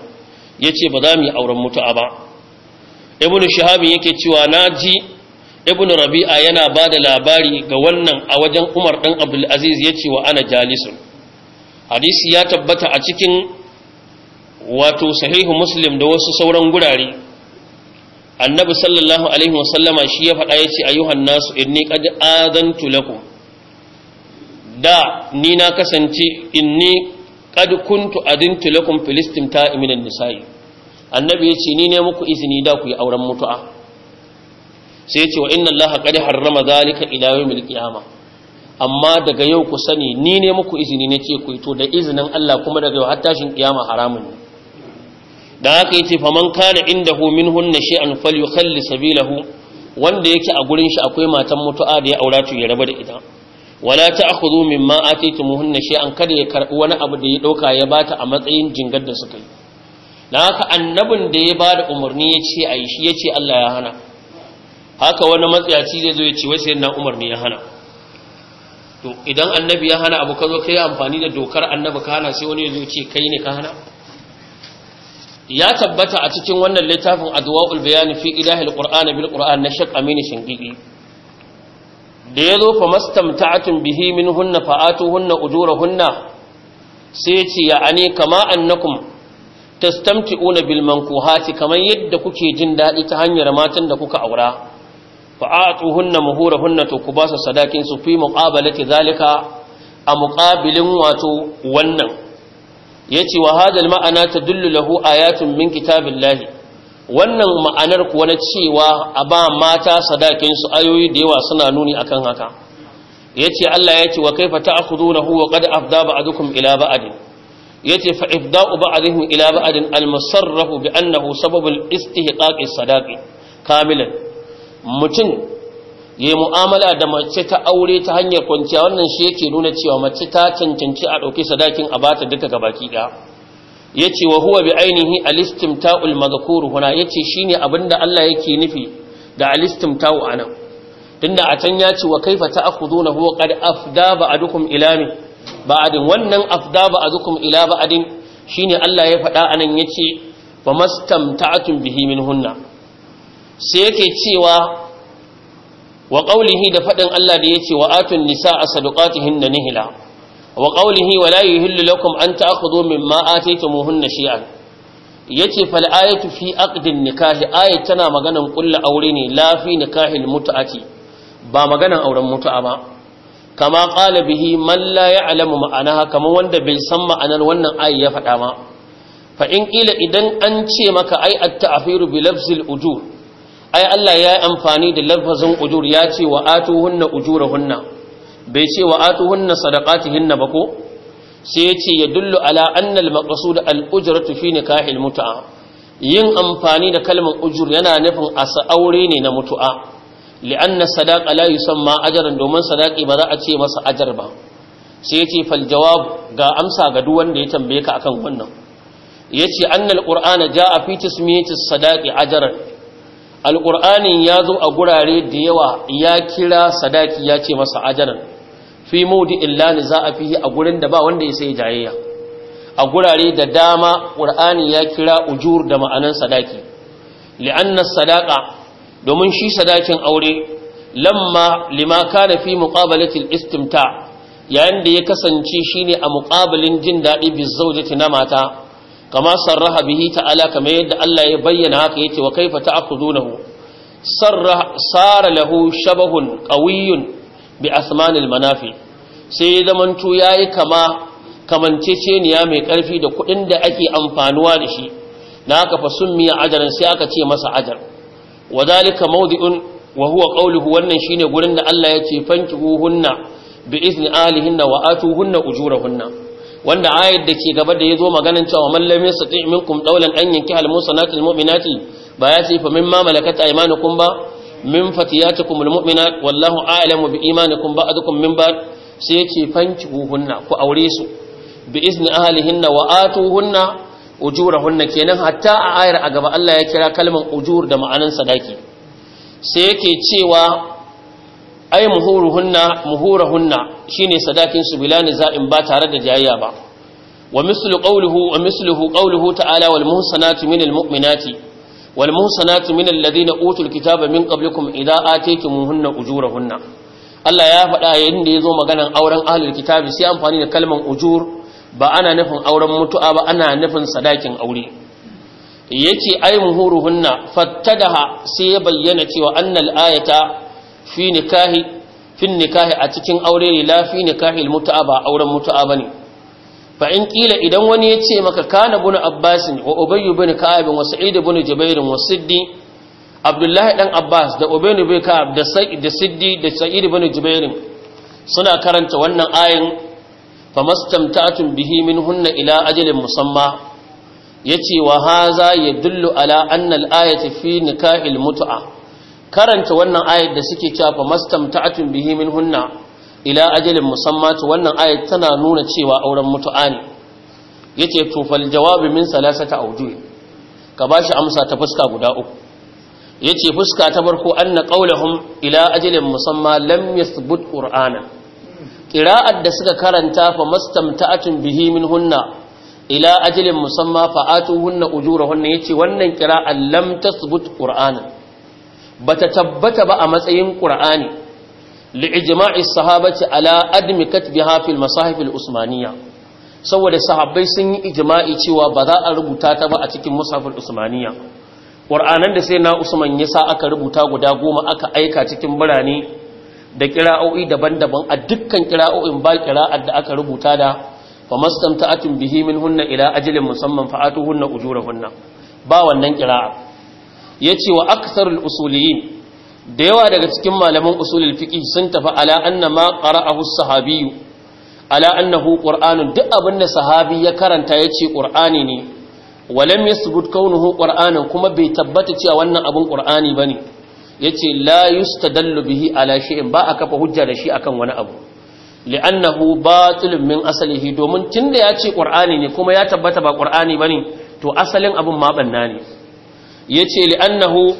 yace ba za mu yi auren mutu'a ba ibn shahabin yake cewa na ji ibn rabi'a yana ba da labari ga wannan a wajen umar ɗan abdulaziz ya ce wa ana jalisun hadisi ya tabbata a cikin wato sahihu muslim da wasu sauran gurare annabi sallallahu alaihi wasallama shi ya faɗa ya ce ayyuhan nasu inni qad adantu lakum da ni na kasance inni qad kuntu adintu lakum filistim ta nisa'i annabi ya ce ni ne muku izini da ku yi auren mutu'a sai ya ce wa inna allaha qad harrama zalika ila yawmil qiyama amma daga yau ku sani ni ne muku izini ne ce ku yi to da izinin Allah kuma daga yau har tashin kiyama haramun ne da haka ya yace faman kana indahu minhunna shay'an falyukhalli sabilahu wanda yake a gurin shi akwai matan mutu'a da ya aura to ya raba da ita wala ta'khudhu mimma atitumuhunna shay'an kada ya karbi wani abu da ya dauka ya bata a matsayin jingar da suka yi na haka annabin da ya ba da umarni ya ce a yi shi ya ce Allah ya hana haka wani matsayaci zai zo ya ce wasu yana umarni ya hana to idan annabi ya hana abu ka zo ka yi amfani da dokar annabi ka hana sai wani ya zo ce kai ne ka hana ya tabbata a cikin wannan littafin adwa'ul bayani fi ilahil qur'ani bil qur'an na shaq amini shingigi da ya zo fa mastamta'atun bihi minhunna fa'atuhunna ujurahunna sai ya ce ya ani kama annakum tastamti'una bil mankuhati kamar yadda kuke jin daɗi ta hanyar matan da kuka aura fa atuhunna muhurahunna to ku basu su sadakin su fi muqabalati zalika a muqabilin wato wannan yace wa hadal ma'ana tadullu lahu ayatun min kitabillahi wannan ma'anar ku wani cewa a ba mata sadakin su ayoyi da yawa suna nuni akan haka yace Allah yace wa kaifa ta'khudunahu wa qad afdaba adukum ila ba'din yace fa ifda'u ba'dihim ila ba'din al-musarrafu bi annahu sababul istihqaq sadaki. sadaqi kamilan mutum yayi mu'amala da mace ta aure ta hanyar kwanciya wannan shi yake nuna cewa mace ta cancanci a dauki sadakin a bata duka gabaki daya yace wa huwa bi ainihi al-istimta'ul madhkur huna yace shine abinda Allah yake nufi da al-istimta'u anan tunda a can ya ce wa kaifa ta'khuduna huwa qad afda ba'dukum ila min ba'adin wannan afda ba'adukum ila ba'adin shine Allah ya faɗa anan yace fa mastamta'atun bihi minhunna sai yake cewa wa qawlihi da faɗin Allah da yace wa atun nisaa sadaqatihinna nihla wa qawlihi wa la yuhillu lakum an ta'khudhu mimma ataytumuhunna shay'an yace fal ayatu fi aqdin nikahi ayat tana maganan kullu aure ne la fi nikahil mut'ati ba maganan auren mutu'a ba kama ƙala bihi Malla ya alamu ma'anaha kaman wanda bai san ma'anar wannan ayi ya faɗa ma fa in idan an ce maka ai at Afiru bi lafzil ujur ai Allah ya yi amfani da lafazin ujur ya ce wa ujura hunna. bai ce wa atuhunna hinna ba ko sai ya ce ya dullu ala annal maqsud al tufi fi nikahil mutu'a. yin amfani da kalmar ujur yana nufin asa aure ne na mutu'a li'anna sadaqa la ma ajran domin sadaki ba za a ce masa ajar ba sai yace fal jawab ga amsa ga duk wanda ya tambaye ka akan wannan yace annal qur'ana jaa fi tasmiyati sadaqi ajran ya zo a gurare da yawa ya kira sadaki ya ce masa ajran fi mawdi'in za a fi fihi a gurin da ba wanda ya sai jayayya a gurare da dama qur'ani ya kira ujur da ma'anar sadaki. li'anna sadaqa domin shi sadakin aure lamma lima kana fi muqabalatil istimta yayin da ya kasance shine a muƙabalin jin dadi bi zawjati na mata kama sarraha bihi ta'ala kamar yadda Allah ya bayyana haka yace wa kaifa ta'khudunahu sarra sara lahu shabahun qawiyyun bi asmanil manafi sai ya zamanto yayi kama kamanceceniya mai karfi da kudin da ake amfanuwa da shi na haka fa summiya ajaran sai aka ce masa ajar Wazalika zalika mawdi'un wa wannan shine gurin da Allah ya ce bi izni alihinna wa atuhunna ujurahunna wanda ayat da ke gaba da yazo maganan cewa man lam yastati minkum dawlan an yankihal musanatil mu'minati ba ya ce fa mimma malakat aymanukum ba min fatiyatikum almu'minat wallahu a'lamu bi imanikum ba'dukum min ba'd sai ya ce ku aure su bi izni ahlihinna wa atuhunna ujurahunna kenan hatta a ayar a gaba Allah ya kira kalmar ujur da ma'anar sadaki sai yake cewa ai muhuruhunna muhurahunna shine sadakin su bila niza'in ba tare da jayayya ba wa mislu qawluhu wa qawluhu ta'ala wal muhsanatu minal mu'minati wal muhsanatu minal ladina utul kitaba min qablikum idza ataytumuhunna ujurahunna Allah ya faɗa yayin da yazo maganan auren ahlul kitabi sai amfani da kalmar ujur ba ana nufin auren mutu'a ba ana nufin sadakin aure yace ay muhuruhunna fattadaha sai ya bayyana cewa annal ayata fi nikahi fi nikahi a cikin aure ne la fi nikahi al mutu'a ba auren mutu'a bane fa in kila idan wani ya ce maka kana bunu abbas wa ubayy bin ka'ab wa sa'id bin jubair wa siddi abdullahi dan abbas da ubayy bin ka'ab da sa'id da siddi da sa'id bin jubair suna karanta wannan ayin famastamta'tum bihi minhunna ila ajalin musamma yace wa haza yadullu ala anna al-ayati fi nikahil mut'a karanta wannan ayat da suke cewa famastamta'tum bihi minhunna ila ajalin musamma to wannan ayat tana nuna cewa auren mutu'a ne yace to fal jawabi min salasata awjuh ka bashi amsa ta fuska guda uku yace fuska ta farko anna qaulahum ila ajalin musamma lam yathbut qur'ana kira'ar da suka karanta fa mastamta'atun bihi min hunna ila ajalin musamma fa atuhunna ujurahunna yace wannan qira'ar lam tasbut qur'ana bata tabbata ba a matsayin qur'ani li ijma'i sahabati ala admi katbiha fil masahif al usmaniyya saboda sahabbai sun yi ijma'i cewa ba za a rubuta ta ba a cikin musahaf al usmaniyya qur'anan da sai na usman yasa aka rubuta guda goma aka aika cikin birane da kira'o'i daban-daban a dukkan kira'o'in ba kira'ar da aka rubuta da fa mastamta'atun bihi min hunna ila ajalin musamman fa atuhunna ujurahunna ba wannan kira'a yace wa aktharul usuliyin da yawa daga cikin malaman usulul fiqh sun tafi ala anna ma qara'ahu as-sahabi ala annahu qur'anun duk abin da sahabi ya karanta yace qur'ani ne walam yasbut kaunuhu qur'anan kuma bai tabbata cewa wannan abin qur'ani bane yace la yustadallu bihi ala shay'in ba a kafa hujja da shi akan wani abu li'annahu batilun min asalihi domin tunda ya ce ƙwar'ani ne kuma ya tabbata ba ba ne. to asalin abun ma ɓanna ne yace li'annahu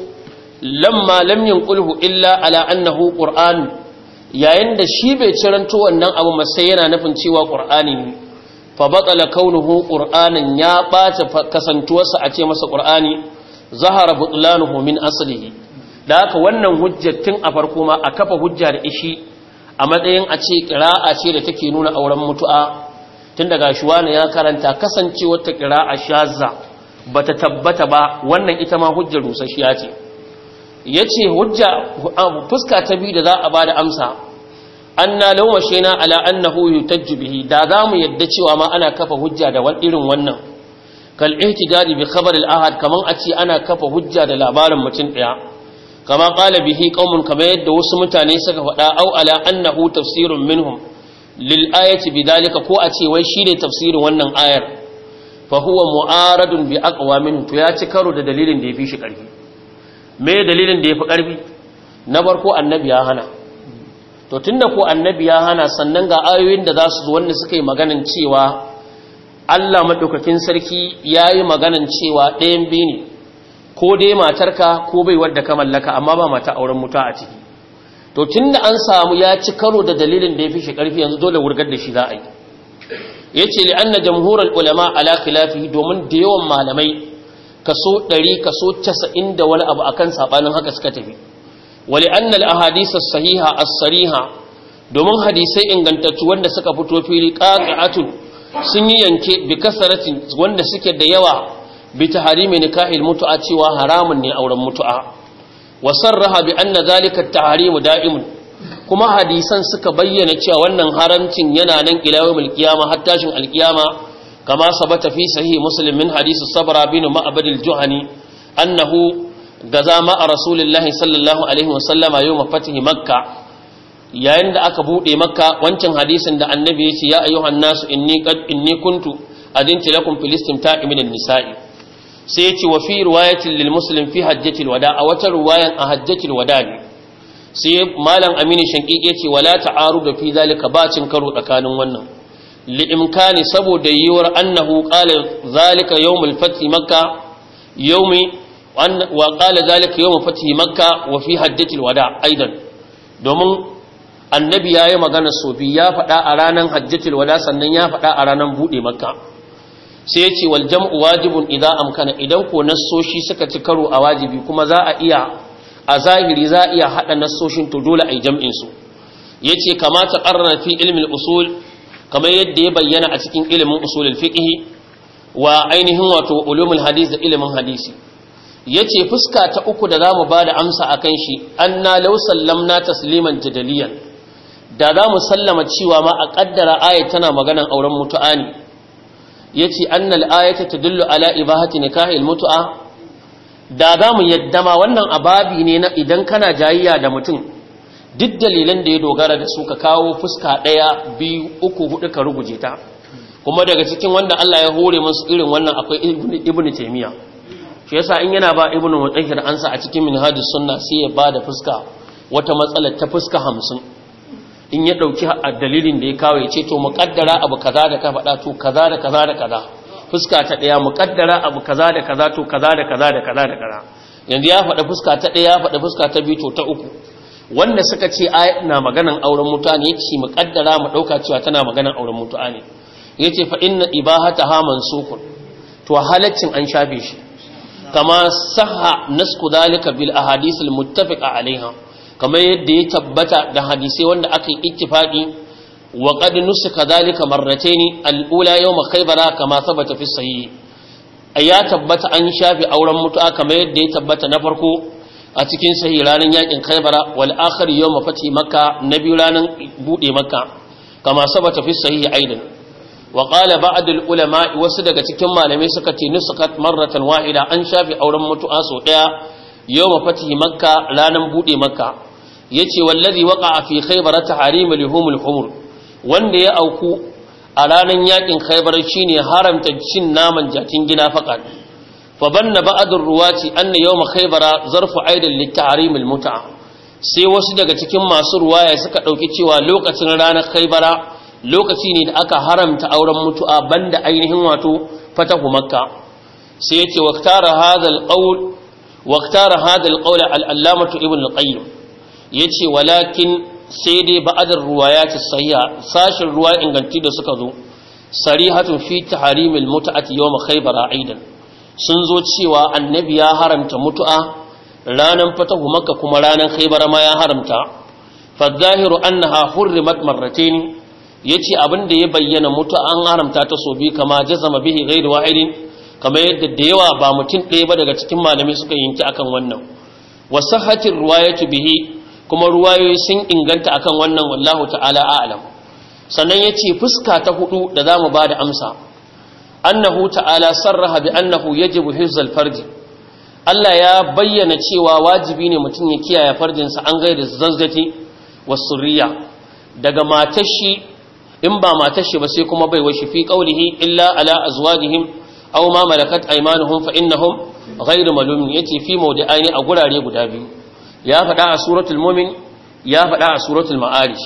lamma lam ƙulhu illa ala annahu ƙwar'ani yayin da shi bai ciranto wannan abu ma sai yana nufin cewa ƙwar'ani ne fa batala kaunuhu qur'anan ya bata kasantuwarsa a ce masa ƙwar'ani zahara butulanuhu min asalihi da haka wannan hujjattun a farko ma a kafa hujja da ishi a matsayin a ce ƙira'a ce da take nuna auren mutu'a tun daga na ya karanta kasancewar ta ƙira'a shazza ba ta tabbata ba wannan ita ma hujjar rusasshiya ce ya ce hujja fuska ta biyu da za a ba da amsa an na laumashe na ala an na huyu ta jubihi da za mu yadda cewa ma ana kafa hujja da irin wannan kal ihtidari bi khabar al ahad kaman a ce ana kafa hujja da labarin mutum ɗaya kama kala bihi kaumun kama yadda wasu mutane suka faɗa au ala annahu tafsirun minhum lil ayati bidalika ko a ce wai shine tafsirin wannan ayar fa huwa mu'aradun bi min to ya ci karo da dalilin da ya fi shi karfi me dalilin da ya fi karfi na farko annabi ya hana to tunda ko annabi ya hana sannan ga ayoyin da zasu zo wanda suka yi maganan cewa Allah madaukakin sarki yayi maganan cewa ɗayan biyu ne ko dai matarka ko bai wadda ka mallaka amma ba mata auren muta a ciki to tunda an samu ya ci karo da dalilin da ya fi shi karfi yanzu dole wurgar da shi za a yi Yace ce li anna jamhuran ulama ala khilafi domin da yawan malamai kaso 100 kaso 90 da wani abu akan sabanin haka suka tafi wali annal ahadith as-sahiha as-sariha domin hadisai ingantattu wanda suka fito fili qati'atun sun yi yanke bi kasaratin wanda suke da yawa bi ni nikahil mutu'a cewa haramun ne auren mutu'a wa sarraha bi anna zalika taharimu da'imun kuma hadisan suka bayyana cewa wannan haramcin yana nan ila yawmil qiyama alkiyama, tashin alqiyama kama sabata fi sahih muslim min hadisi sabra bin ma'bad al-juhani annahu gaza ma rasulullahi sallallahu alaihi wa sallama yawm fatihi yayin da aka bude makka wancan hadisin da annabi ya ce ya ayyuhan nasu inni qad inni kuntu adinti lakum filistim ta'imin nisa'i sai ya ce wa fi ruwayatin lil muslim fi hajjatil wada a wata ruwayan a hajjatil wada ne sai malam aminu shankiki ya ce wala ta'aru da fi zalika bacin karo tsakanin wannan li'imkani saboda yiwuwar annahu qala zalika yau mulfati makka mai wa kala zalika yau mulfati makka wa fi hajjatil wada aidan domin annabi ya yi magana sofi ya faɗa a ranar hajjatil wada sannan ya faɗa a ranar buɗe makka sai ya ce wal jam'u idan amkana idan ko nassoshi suka ci karo a wajibi kuma za a iya a zahiri za a iya haɗa nassoshin to dole a yi jam'in su ya ce kamata ƙarrana fi ilimin usul kamar yadda ya bayyana a cikin ilimin usulul fiqh wa ainihin wato ulumin hadis da ilimin hadisi ya ce fuska ta uku da za mu ba da amsa a kan shi an na lau lamna tasliman jadaliyan da za mu sallama cewa ma a ƙaddara aya tana maganan auren mutu'ani yace annal ayata tadullu ala ibahati nikahil mutu'a. da za mu yadda ma wannan ababi ne na idan kana jayayya da mutum duk dalilan da ya dogara da su ka kawo fuska ɗaya biyu uku hudu ka ruguje ta kuma daga cikin wanda Allah ya hore musu irin wannan akwai ibnu taymiya shi yasa in yana ba ibnu mutahhir ansa a cikin minhajus sunna sai ya bada fuska wata matsalar ta fuska 50 in ya dauki a dalilin da ya kawo ya ce to muƙaddara abu kaza da ka faɗa to kaza da kaza da kaza fuska ta daya muƙaddara abu kaza da kaza to kaza da kaza da kaza da kaza yanzu ya faɗa fuska ta daya ya faɗa fuska ta biyu to ta uku wanda suka ce ai na maganan auren mutane shi muqaddara mu dauka cewa tana maganan auren mutane yace fa inna ibahataha mansukun to halaccin an shafe shi kama sahha nasku dalika bil ahadith al muttafiqa alaiha kamar yadda ya tabbata da hadisai wanda aka yi ittifaqi wa qad nusika dhalika marratayn al-ula yawm khaybara kama thabata fi sahih ya tabbata an shafi auren mutu'a kamar yadda ya tabbata na farko a cikin sahih ranar yakin khaybara wal akhir yawm fati makka na biyu ranar bude makka kama thabata fi sahih aidan wa qala ba'd al-ulama wasu daga cikin malamai suka ce nusikat marratan wahida an shafi auren mutu'a so daya yawm fati makka ranar bude makka yace wallazi a fi khaybar tahrim lihumul humur wanda ya auku a ranar yakin khaybar shine haramta cin naman jakin gina faqat fa banna ba'dur ruwati anna yawm khaybar zarfu aidan litahrim muta sai wasu daga cikin masu ruwaya suka ɗauki cewa lokacin ranar khaybara lokaci ne da aka haramta auren mutu'a banda ainihin wato fatahu makka sai yace ce, waktara alqawl waqtara hadha alqawl al-allamah ibn al-qayyim yace walakin sai dai ba'adar ruwayati sahiha sashin ruwa inganti da suka zo sarihatun fi tahrimil mut'ati yawm khaybar aidan sun zo cewa annabi ya haramta mutu'a ranar fatahu maka kuma ranar khaybar ma ya haramta fadhahiru annaha hurrimat marratayn yace abin da ya bayyana mutu'a an haramta ta so bi kama jazama bihi ghairu wahidin kamar yadda da yawa ba mutum ɗaya ba daga cikin malamai suka yanki akan wannan Wasu ruwa ya ci bihi kuma ruwayoyi sun inganta akan wannan wallahu ta'ala a'lam sannan yace fuska ta hudu da zamu bada amsa annahu ta'ala sarraha bi annahu yajibu hifzal farji Allah ya bayyana cewa wajibi ne mutum ya kiyaye farjinsa an gaida zazzati wasurriya daga matar shi in ba matar shi ba sai kuma bai washi fi qaulihi illa ala azwajihim aw ma malakat aymanuhum fa innahum ghayru malumin yace fi mawdi'aini a gurare guda biyu ya faɗa a suratul mumin ya faɗa a suratul ma'arij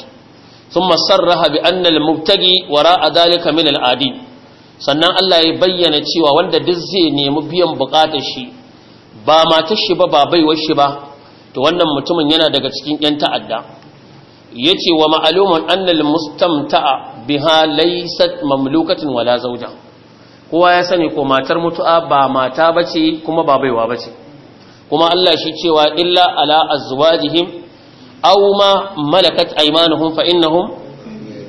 thumma sarraha bi anna al-mubtagi wara'a min al-adi sannan Allah ya bayyana cewa wanda duk zai nemi biyan bukatar shi ba matar shi ba ba baiwar shi ba to wannan mutumin yana daga cikin yan ta'adda yace wa ma'lumun anna al-mustamta'a biha laysat mamlukatin wala zawja kowa ya sani ko matar mutu'a ba mata bace kuma ba baiwa bace kuma Allah shi cewa illa ala azwajihim aw ma malakat aymanuhum fa innahum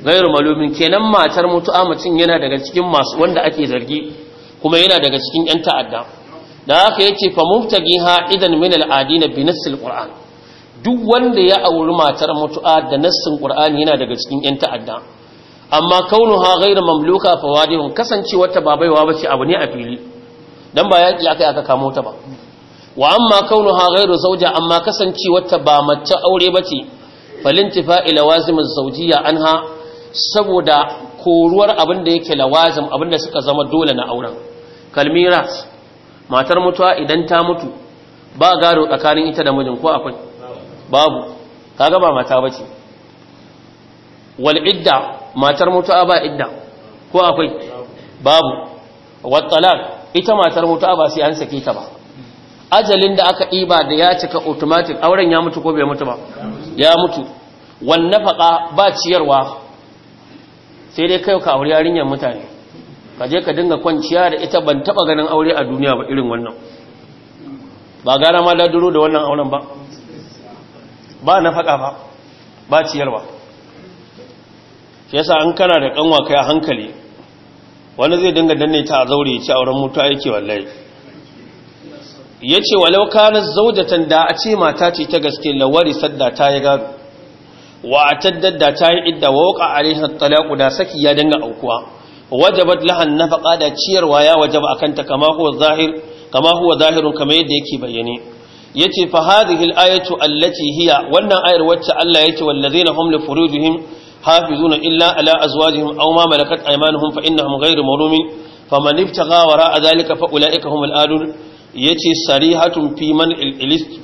ghayru malumin kenan matar mutu'a mutun yana daga cikin masu wanda ake zargi kuma yana daga cikin yan ta'adda da haka yace fa mubtagiha idan min al-adina bi nassil qur'an duk wanda ya auri matar mutu'a da nassin qur'ani yana daga cikin yan ta'adda amma kaunuha ghayru mamluka fawadihun kasancewa ta babaiwa bace abu ne a fili dan ba yaki akai aka kamo ta ba wa amma ha gairu zauja, amma wata ba mace aure bace falintifa ila wazimin zawjiyya anha saboda koruwar abin da yake lawazim abin da suka zama dole na auren kalmiras matar mutuwa idan ta mutu ba gado tsakanin ita da mijin ko akwai babu kaga ba mata bace wal idda matar mutuwa ba idda ko akwai babu wat talaq ita matar mutuwa ba sai an sake ta ba ajalin da aka ɗiba da ya cika automatic auren ya mutu ko bai mutu ba ya mutu Wanne faƙa ba ciyarwa sai dai kai ka aure yarinyar mutane ka je ka dinga kwanciya da ita ban taɓa ganin aure a duniya ba irin wannan ba gara ma duro da wannan auren ba ba na ba ba ciyarwa shi yasa an kana da kanwa kai a hankali wani zai dinga danne ta a zaure ya ci auren mutu aiki wallahi ya ce walau kana zaujatan da a ce mata ce ta gaske lawari sadda ta yi gado wa a taddada ta yi idda wa waka alaihin talaku da saki ya danga aukuwa wajabar lahan nafaka da ciyarwa ya wajaba a kanta kama huwa zahirun kama yadda yake bayyane ya ce fa hadhihi al-ayatu hiya wannan ayar wacce Allah ya ce wallazina hum li furujihim hafizuna illa ala azwajihim aw ma malakat aymanuhum fa innahum ghayru malumin faman ibtagha wara'a dhalika fa ulaika humul adun yace sarihatun fi man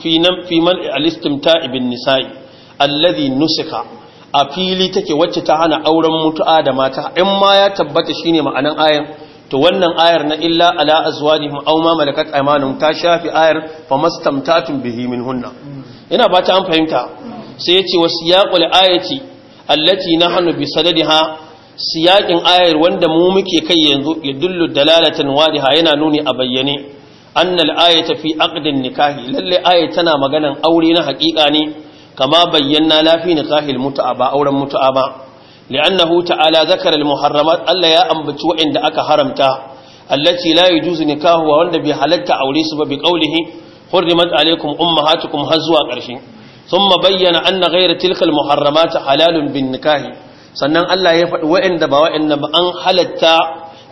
fi nan alistimta Ibin nisa'i alladhi nusika a fili take wacce ta hana auren mutu'a da mata in ma ya tabbata shine ma'anan ayan to wannan ayar na illa ala azwajihim aw ma malakat aymanuhum ta shafi ayar famastamtatun bihi minhunna ina ba ta an fahimta sai yace wasiyaqul ayati allati nahnu bi sadadiha siyaƙin ayar wanda mu muke kai yanzu ya dalalatan wadiha yana nuni a bayyane annal ayata fi aqdin nikahi lalle aya tana maganan aure na hakika ne kama bayyana lafi nikahil mutu'a ba auren mutu'a ba li'annahu ta'ala zakara al-muharramat Allah ya ambaci wa'inda aka haramta allati la yajuzu nikahu wa wanda bai halatta aure su ba bi qawlihi hurrimat alaykum ummahatukum har zuwa ƙarshe thumma bayyana anna ghayra tilka al-muharramat halalun bin nikahi sannan Allah ya faɗi wa'inda ba wa'inda ba an halatta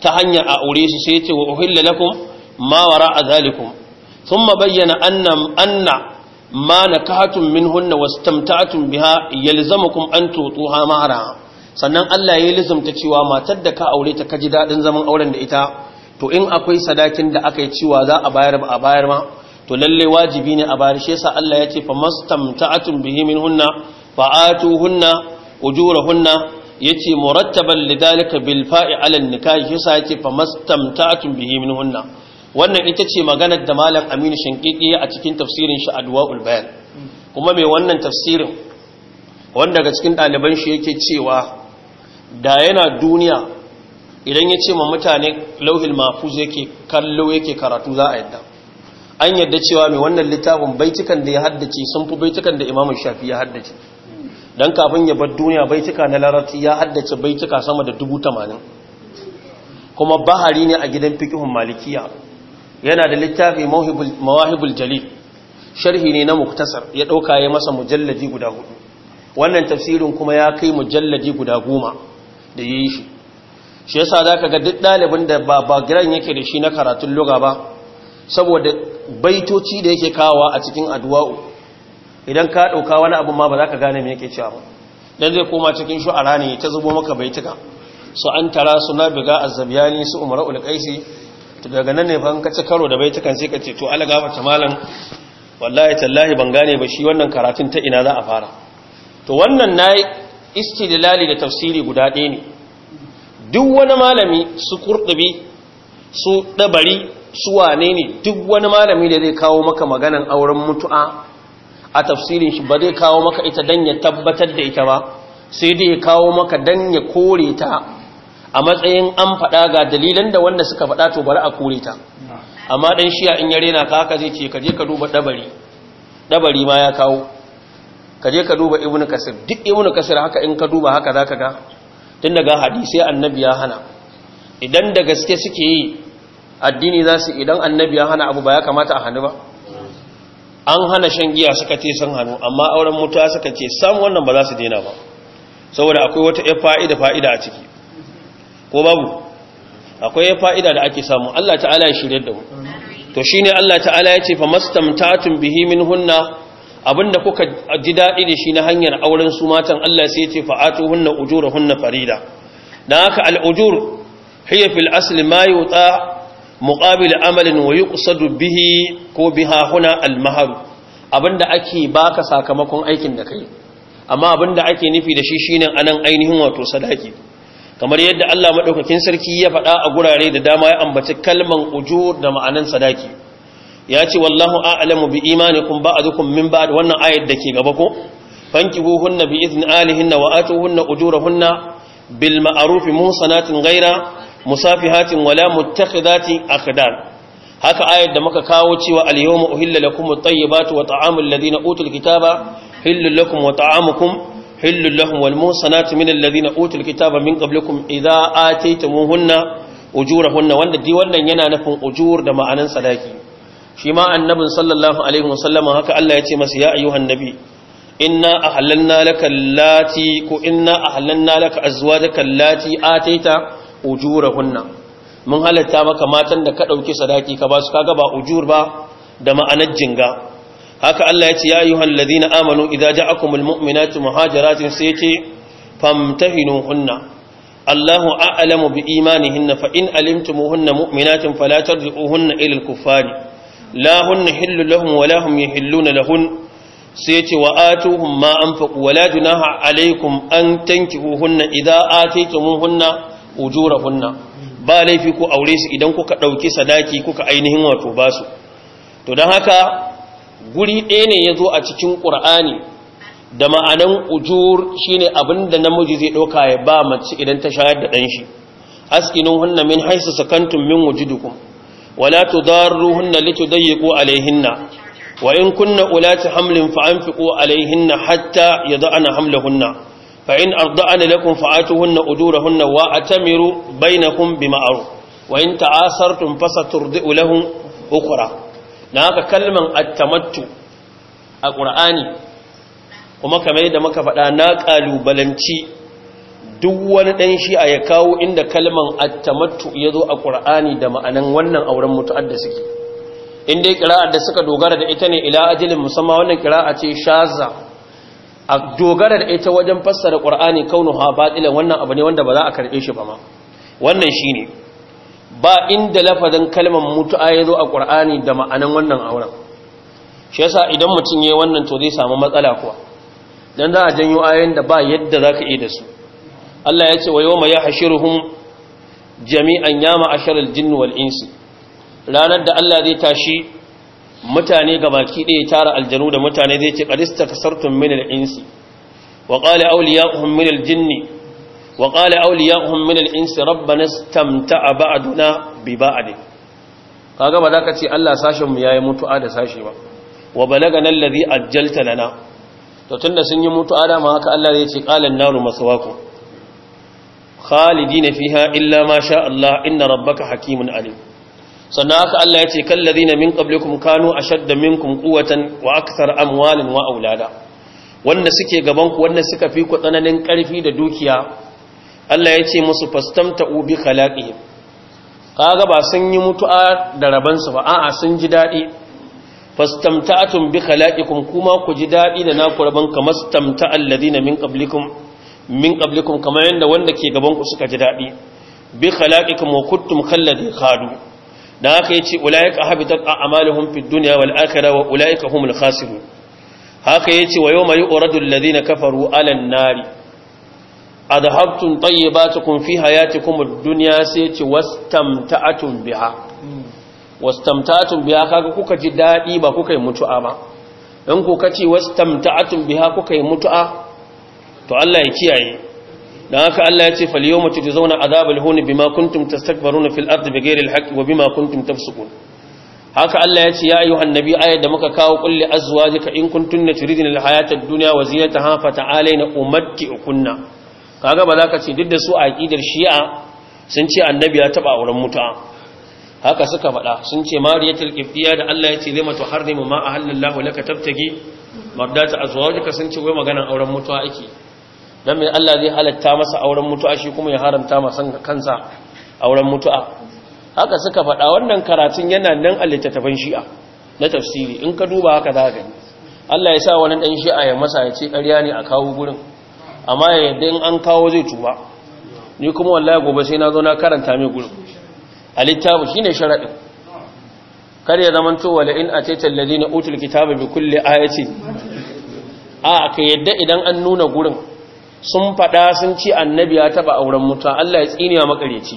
ta hanyar aure su sai ya ce wa uhilla lakum ma wara'a zalikum thumma bayyana anna anna hunna nakahatun minhunna wastamta'tum biha yalzamukum an tutuha mahraha sannan Allah ya lizumta cewa matar da ka aure ta kaji dadin zaman auren da ita to in akwai sadakin da aka yi cewa za a bayar ba a bayar ma to lalle wajibi ne a bayar shi yasa Allah ya ce fa mastamta'atun bihi hunna fa atuhunna ujurahunna yace murattaban lidalika bil fa'i ala nikah shi yasa yace fa mastamta'atun bihi hunna. wannan ita ce maganar da malam aminu shankiki a cikin tafsirin shi adwa'ul bayan kuma mai wannan tafsirin wanda daga cikin ɗaliban shi yake cewa da yana duniya idan ya ce ma mutane lauhil zai yake kallo yake karatu za a yadda an yadda cewa mai wannan littafin baitukan da ya haddace sun fi baitukan da imamun shafi ya haddace don kafin ya bar duniya baituka na larabci ya haddace baituka sama da dubu tamanin kuma bahari ne a gidan fikihun malikiya yana da littafi mawahibul jalil sharhi ne na muktasar ya dauka ya masa mujalladi guda hudu wannan tafsirin kuma ya kai mujalladi guda goma da yi shi shi yasa zaka ga duk ɗalibin da ba bagiran yake da shi na karatun loga ba saboda baitoci da yake kawa a cikin addu'a idan ka dauka wani abu ma ba ka gane me yake cewa ba dan zai koma cikin shu'ara ne ta zubo maka baitika su an tara suna biga azzabiyani su umarul qaisi to daga nan ne fa ka ci karo da bai tukan sai ka ce to ala gafarta malam wallahi tallahi ban gane ba shi wannan karatun ta ina za a fara to wannan nayi istidlali da tafsiri guda ɗaya ne duk wani malami su kurdubi su dabari su wane ne duk wani malami da zai kawo maka maganan auren mutu'a a tafsirin shi ba zai kawo maka ita dan ya tabbatar da ita ba sai dai ya kawo maka dan ya kore ta a matsayin an faɗa ga dalilan da wanda suka faɗa to bari a kore ta amma dan shiya in yare na kaka zai ce kaje ka duba dabari dabari ma ya kawo kaje ka duba ibnu kasir duk ibnu kasir haka in ka duba haka zaka ga tun daga hadisi annabi ya hana idan da gaske suke yi addini za su idan annabi ya hana abu ba ya kamata a hannu ba an hana shan giya suka ce sun hannu amma auren mutuwa suka ce sam wannan ba za su daina ba saboda akwai wata fa'ida fa'ida a ciki ko babu akwai fa'ida da ake samu Allah ta'ala ya shirye da mu to shine Allah ta'ala ya ce fa mastamtatun bihi hunna abinda kuka ji daɗi da shi na hanyar auren su matan Allah sai ya ce atu hunna ujura hunna farida don haka al'ujur hiya fil asli ma yi wuta muƙabil amalin wa yi bihi ko biha huna almaharu abinda ake baka sakamakon aikin da kai amma abinda ake nufi da shi shine anan ainihin wato sadaki kamar yadda Allah maɗaukakin sarki ya faɗa a gurare da dama ya ambaci kalman ujur da ma'anan sadaki ya ce wallahu a'lamu bi imanikum ba'dukum min ba'd wannan ayat da ke gaba ko fankibuhunna bi idni alihinna wa atuhunna ujurahunna bil ma'ruf musanatin ghaira musafihatin wala muttakhidati akhdar haka ayat da muka kawo cewa al-yawma uhilla lakum at-tayyibatu wa ta'amul ladina utul kitaba hillu lakum wa ta'amukum hillul lahum wal musanatu min alladhina utul kitaba min mun hunna ujura hunna. wanda di wannan yana nufin ujur da ma'anan sadaki shi ma annabin sallallahu alaihi wasallam haka Allah ya ce masa ya ayyuhan nabi inna ahallanna laka lati ko inna ahallanna laka azwajaka lati ataita hunna. mun halatta maka matan da ka dauki sadaki ka ba su kaga ba ujur ba da ma'anar jinga haka Allah ya ce ya ayyuhal ladina amanu idza ja'akumul mu'minatu muhajiratin sai yace hunna. Allahu a'lamu bi imanihinna fa in alimtumuhunna mu'minatin fala tarji'uhunna ila al-kuffari la hunna hillu lahum wa la hum yahilluna lahun sai an wa atuhum ma anfaqu wa la junaha alaykum an mun hunna ataytumuhunna hunna. ba laifi ku aure su idan kuka ɗauki sadaki kuka ainihin wato basu to dan haka guri ɗaya ne ya zo a cikin ƙur'ani da ma'anan ujur ne abin da namiji zai ɗauka ya ba mace idan ta shayar da ɗan shi askinin hunna min haisu sakantun min duku. wala tudarruhunna litudayyiqu alaihinna wa in kunna ulati hamlin fa anfiqu alaihinna hatta hamla hunna. fa in ujura hunna fa'atuhunna ujurahunna wa atamiru bainakum bima'ruf wa in fasa fasaturdi'u lahum ukhra na haka kalman attamattu a qur'ani kuma kamar yadda muka faɗa na ƙalubalanci duk wani ɗan shi'a ya kawo inda kalman attamattu ya zo a qur'ani da ma'anan wannan auren mutu'ad da suke inda ƙira'ar da suka dogara da ita ne ila ajilin musamman wannan ƙira'a ce shaza a dogara da ita wajen fassara ƙur'ani a batilan wannan abu ne wanda ba za a karɓe shi ba ma wannan shine ba inda lafazin kalmar mutu'a ya zo a ƙur'ani da ma'anan wannan auren shi yasa idan mutum ya wannan to zai samu matsala kuwa dan za a janyo ayoyin da ba yadda za ka iya da su Allah ya ce wa yawma yahshuruhum jami'an ya ma'asharal jinni wal insi ranar da Allah zai tashi mutane ga baki ɗaya tara aljanu da mutane zai ce qadistakasartum min minal insi wa qala awliya'uhum min al wa qala awliya'uhum min al-insi rabbana istamta'a ba'duna bi ba'd kaga ba za ka ce Allah sashin mu yayi mutu'a da sashi ba wa balagana alladhi ajjalta lana to tunda sun yi mutu'a da ma haka Allah ya ce qala an-naru maswaakum khalidina fiha illa ma sha Allah inna rabbaka hakimun alim sannan haka Allah ya ce kallazina min qablikum kanu ashadda minkum quwwatan wa akthar amwalan wa aulada wanda suke gaban ku wanda suka fi ku tsananin karfi da dukiya Allah ya ce musu fastamta ubi khalaqihim kaga ba sun yi mutu'a da rabansu ba a'a sun ji daɗi fastamta'tum bi khalaqikum kuma ku ji daɗi da naku raban kamar stamta'a alladhina min qablikum min qablikum kamar yanda wanda ke gaban ku suka ji dadi bi khalaqikum wa kuntum khalladhi khadu dan haka yace ulaika habitat a'maluhum fid dunya wal akhirah wa ulaika humul khasirun haka yace wa yawma yu'radu alladhina kafaru 'alan nari adhabtum tayyibatukum fi hayatikum ad-dunya sai ce wastamta'atum biha wastamta'atum biha kaga kuka ji dadi ba kuka yi mutu'a ba in ku kace wastamta'atum biha kuka yi mutu'a to Allah ya kiyaye dan haka Allah ya ce fal yawma tujzauna adhabal hun bima kuntum tastakbiruna fil ardi bighairi al-haqqi wa bima kuntum tafsukun haka Allah ya ce ya ayyuhan nabi ayat da muka kawo kulli azwajika in kuntunna turidina al-hayata ad-dunya wa zinataha fata'alaina umatti'ukunna kaga ba za ka ce duk da su a aƙidar shi'a sun ce annabi ya taɓa auren mutu'a haka suka faɗa sun ce mariyatul qibtiyya da Allah ya ce zai har tuharrimu ma ahallallahu laka tabtagi mardata azwajika sun ce wai maganan auren mutu'a ake dan me Allah zai halatta masa auren mutu'a shi kuma ya haramta masa kansa auren mutu'a haka suka faɗa wannan karatun yana nan a littattafan shi'a na tafsiri in ka duba haka za ka gani Allah ya sa wani dan shi'a ya masa ya ce ƙarya ne a kawo gurin amma yadda in an kawo zai tuba ni kuma ya gobe sai na zo na karanta mai gurin a littafi ne sharaɗin kar ya zaman to da in tallazi na utul kitabu bi kulli ayatin a ka yadda idan an nuna gurin sun faɗa sun ci annabi ya taba auren muta Allah ya tsini wa makareci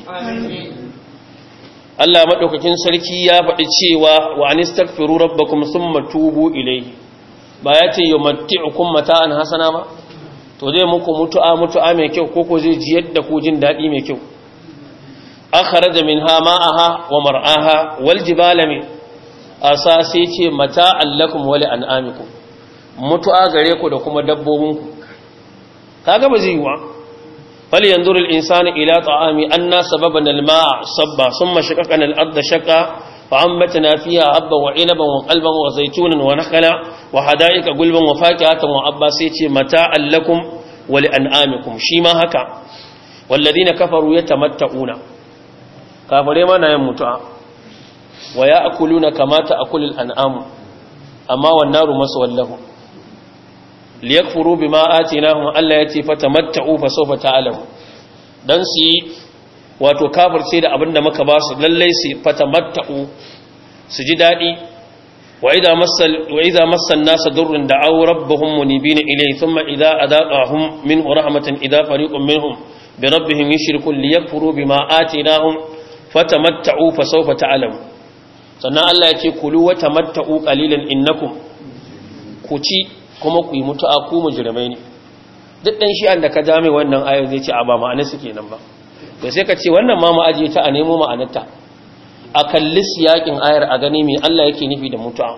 Allah maɗaukakin sarki ya faɗi cewa wa anistaghfiru rabbakum thumma tubu ilayhi ba ya ce yumatti'ukum mata'an hasana ba to zai muku mutu'a mutu'a mai kyau ko ko zai ji yadda ku jin daɗi mai kyau akharaja minha ma'aha wa mar'aha wal jibala min sai ce mata allakum wa li'anamikum mutu'a gare ku da kuma dabbobin ku kaga ba zai yi wa fal yanzuru al insanu ila ta'ami anna sababana al ma'a sabba sun shaqaqana al arda shakka. فأنبتنا فيها أبا وعنبا وقلبا وزيتونا ونخلا وحدائق قلبا وفاكهة وأبا سيتي متاعا لكم ولأنعامكم شيما هكا والذين كفروا يتمتعون كافرين ما نيمتع ويأكلون كما تأكل الأنعام أما والنار مسوى لهم ليكفروا بما آتيناهم ألا يتي فتمتعوا فسوف تعلموا dan su yi wato kafirce da abin da muka ba su lallai su fatamatta'u su ji daɗi wa idza massan nasa durrun ila rabbahum munibina ilayhi thumma idza adaqahum min rahmatin idza fariqun minhum bi rabbihim yushrikun liyakfuru bima atinahum fatamatta'u fasawfa ta'lamu sannan Allah ya ce kulu wa tamatta'u qalilan innakum ku ci kuma ku yi mutu'a ku mujrimai ne duk dan shi'an da ka jami wannan ayoyi zai ce a ba ma'ana suke nan ba da sai ka ce wannan ma mu ajiye ta a nemo ma'anarta a kalli siyakin ayar a gani mai Allah yake nufi da mutuwa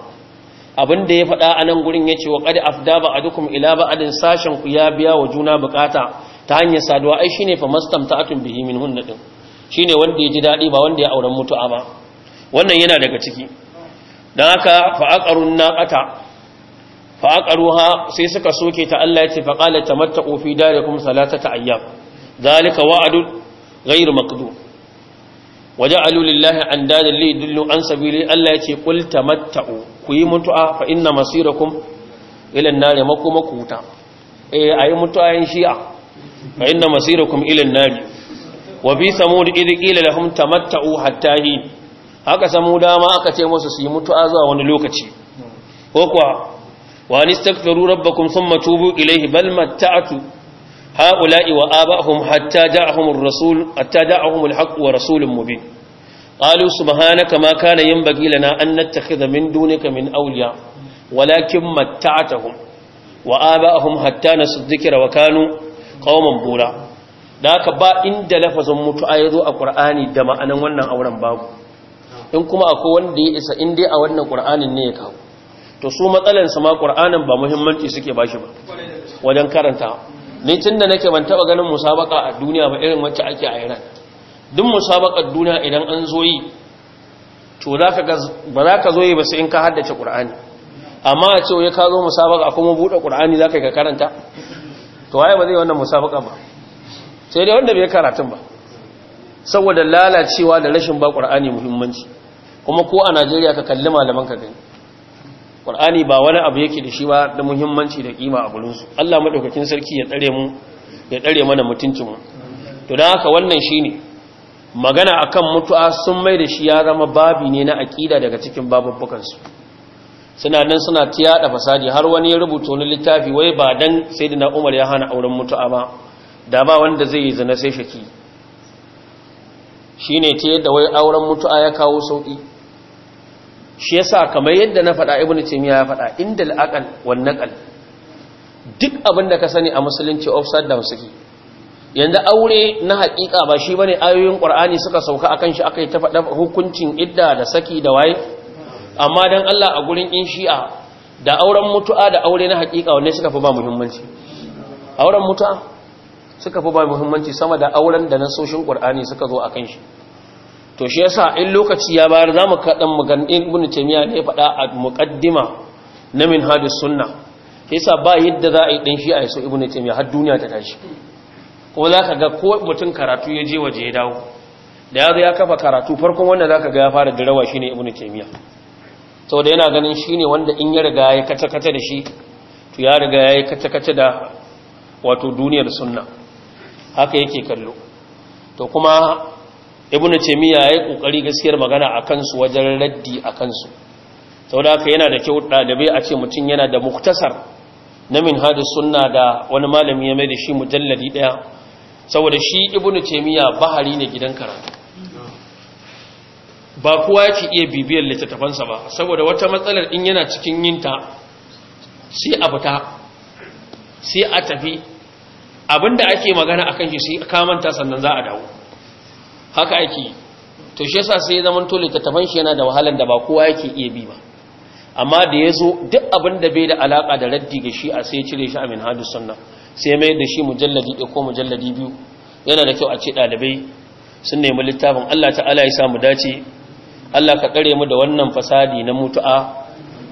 abin da ya faɗa a nan gurin ya ce wa ƙadi afda ba a dukkan ila ba adin sashen ku ya biya wa juna bukata ta hanyar saduwa ai shine fa mastamta atun bihi min hunna din shine wanda ya ji daɗi ba wanda ya auren mutuwa ba wannan yana daga ciki dan haka naqata fa aqaruha sai suka soke ta Allah ya ce fa ta tamattu fi darikum kuma ta ayyam zalika wa'adun غير مقدور وجعلوا لله اندادا ليدلوا عن سبيله الله يتي قل تمتعوا كوي متعه فان مصيركم الى النار مكمكم وتا eh ayi mutuwayen shi'a fa inna masirakum ila an-nar wa bi samud id qila lahum tamatta'u hatta haka samu dama aka ce musu su yi zuwa wani lokaci ko kuwa wa anistaghfiru rabbakum thumma tubu ilayhi bal matta'tu هؤلاء وآبائهم حتى جاءهم الرسول حتى جاءهم الحق ورسول مبين قالوا سبحانك ما كان ينبغي لنا أن نتخذ من دونك من أولياء ولكن متعتهم وآبائهم حتى نسوا الذكر وكانوا قوما بولا daka ba inda lafazin mutu'a ya zo a qur'ani da ma'anan wannan auren babu in kuma akwai wanda ya isa in dai a wannan qur'anin ne ya kawo to su matsalansa ma qur'anin ba muhimmanci suke bashi ba wajen karanta ne tun da nake ban taba ganin musabaka a duniya ba irin wacce ake a iran duk musabakar duniya idan an zo yi to ba za ka zo yi ba sai in ka haddace ƙur'ani amma a ce ya ka zo musabaka kuma buɗe ƙur'ani za ka yi ka karanta to haya ba zai wannan musabaka ba sai dai wanda bai karatun ba saboda lalacewa da rashin ba ƙur'ani muhimmanci kuma ko a najeriya ka kalli malaman ka gani qur'ani ba wani abu yake da shi ba da muhimmanci da kima a gulunsu Allah maɗaukacin sarki ya tsare mana mutuncinmu. to don haka wannan shi ne, magana akan mutu'a sun mai da shi ya zama babi ne na aƙida daga cikin babubbukan suna nan suna yaɗa fasadi har wani ya rubuta wani littafi wai ba dan da Umar ya hana auren mutu'a ba da ba wanda zai yi na sai shaki Shi ne ta yadda wai auren mutu'a ya kawo sauki shi yasa kamar yadda na faɗa ibn timiya ya faɗa inda aqal wan naqal duk abin da ka sani a musulunci offside da suke yanzu aure na haƙiƙa ba shi bane ayoyin qur'ani suka sauka akan shi akai ta faɗa hukuncin idda da saki da waye amma dan Allah a gurin in shi'a da auren mutu'a da aure na haƙiƙa wanne suka fi ba muhimmanci auren mutu'a suka fi ba muhimmanci sama da auren da nasoshin qur'ani suka zo akan shi to shi yasa in lokaci ya bayar za mu kaɗan maganin ibn taimiyya ne faɗa a muƙaddima na min hadis sunna shi yasa ba yadda za a yi ɗan shi a yaso ibn taimiyya har duniya ta tashi ko za ka ga ko mutum karatu ya je waje ya dawo da ya ya kafa karatu farkon wanda za ka ga ya fara jirawa shi ne ibn taimiyya saboda yana ganin shi ne wanda in ya riga ya kata-kata da shi to ya riga ya yi kata-kata da wato duniyar sunna haka yake kallo to kuma ibnu taymiya yayi kokari gaskiyar magana akan su wajen raddi akan su saboda haka yana da kyau ɗalibai a ce mutun yana da muktasar na minhajus sunna da wani malami ya mai da shi mujalladi daya saboda shi ibnu taymiya bahari ne gidan karatu ba kowa yake iya bibiyar littattafansa ba saboda wata matsalar in yana cikin yinta sai a fita sai a tafi abinda ake magana akan shi sai ka manta sannan za a dawo haka ake to shi yasa sai zaman ta littattafan shi yana da wahalan da ba kowa yake iya bi ba amma da ya zo duk abin da bai da alaka da raddi ga shi a sai ya cire shi a minhajus sunna sai mai da shi mujalladi ɗaya ko mujalladi biyu yana da kyau a ce ɗalibai sun nemi littafin Allah ta'ala ya sa mu dace Allah ka kare mu da wannan fasadi na mutu'a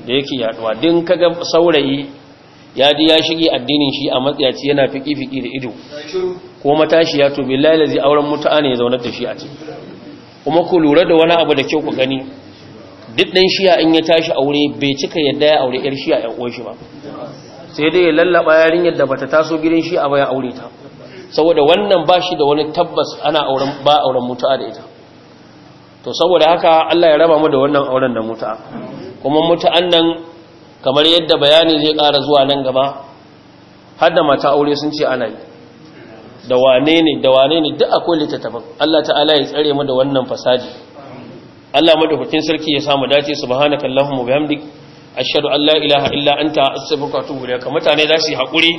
da yake yaduwa din kaga saurayi ya ji ya shige addinin shi a matsayaci yana fiki-fiki da ido ko matashi ya to billahi lazi auren mutu'a ne ya zaunar da shi a ciki kuma ku lura da wani abu da kyau ku gani duk dan shiya in ya tashi aure bai cika yadda ya aure yar shiya yan uwan shi ba sai dai ya lallaba yarinyar da bata taso gidan shi a baya aure ta saboda wannan ba shi da wani tabbas ana auren ba auren mutu'a da ita to saboda haka Allah ya raba mu da wannan auren da mutu'a kuma mutu'an nan kamar yadda bayani zai ƙara zuwa nan gaba hadda mata aure sun ce ana yi da wane ne da wane ne duk akwai littattafan Allah ta'ala ya tsare mu da wannan fasadi Allah madaukakin sarki ya samu dace subhanaka allahumma bihamdik ashhadu an la ilaha illa anta astaghfiruka wa atubu ilayk mutane za su yi hakuri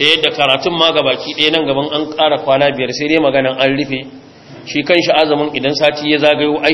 ta yadda karatun ma gabaki ɗaya nan gaban an ƙara kwana biyar sai dai maganan an rufe shi kanshi azumin idan sati ya zagayo ai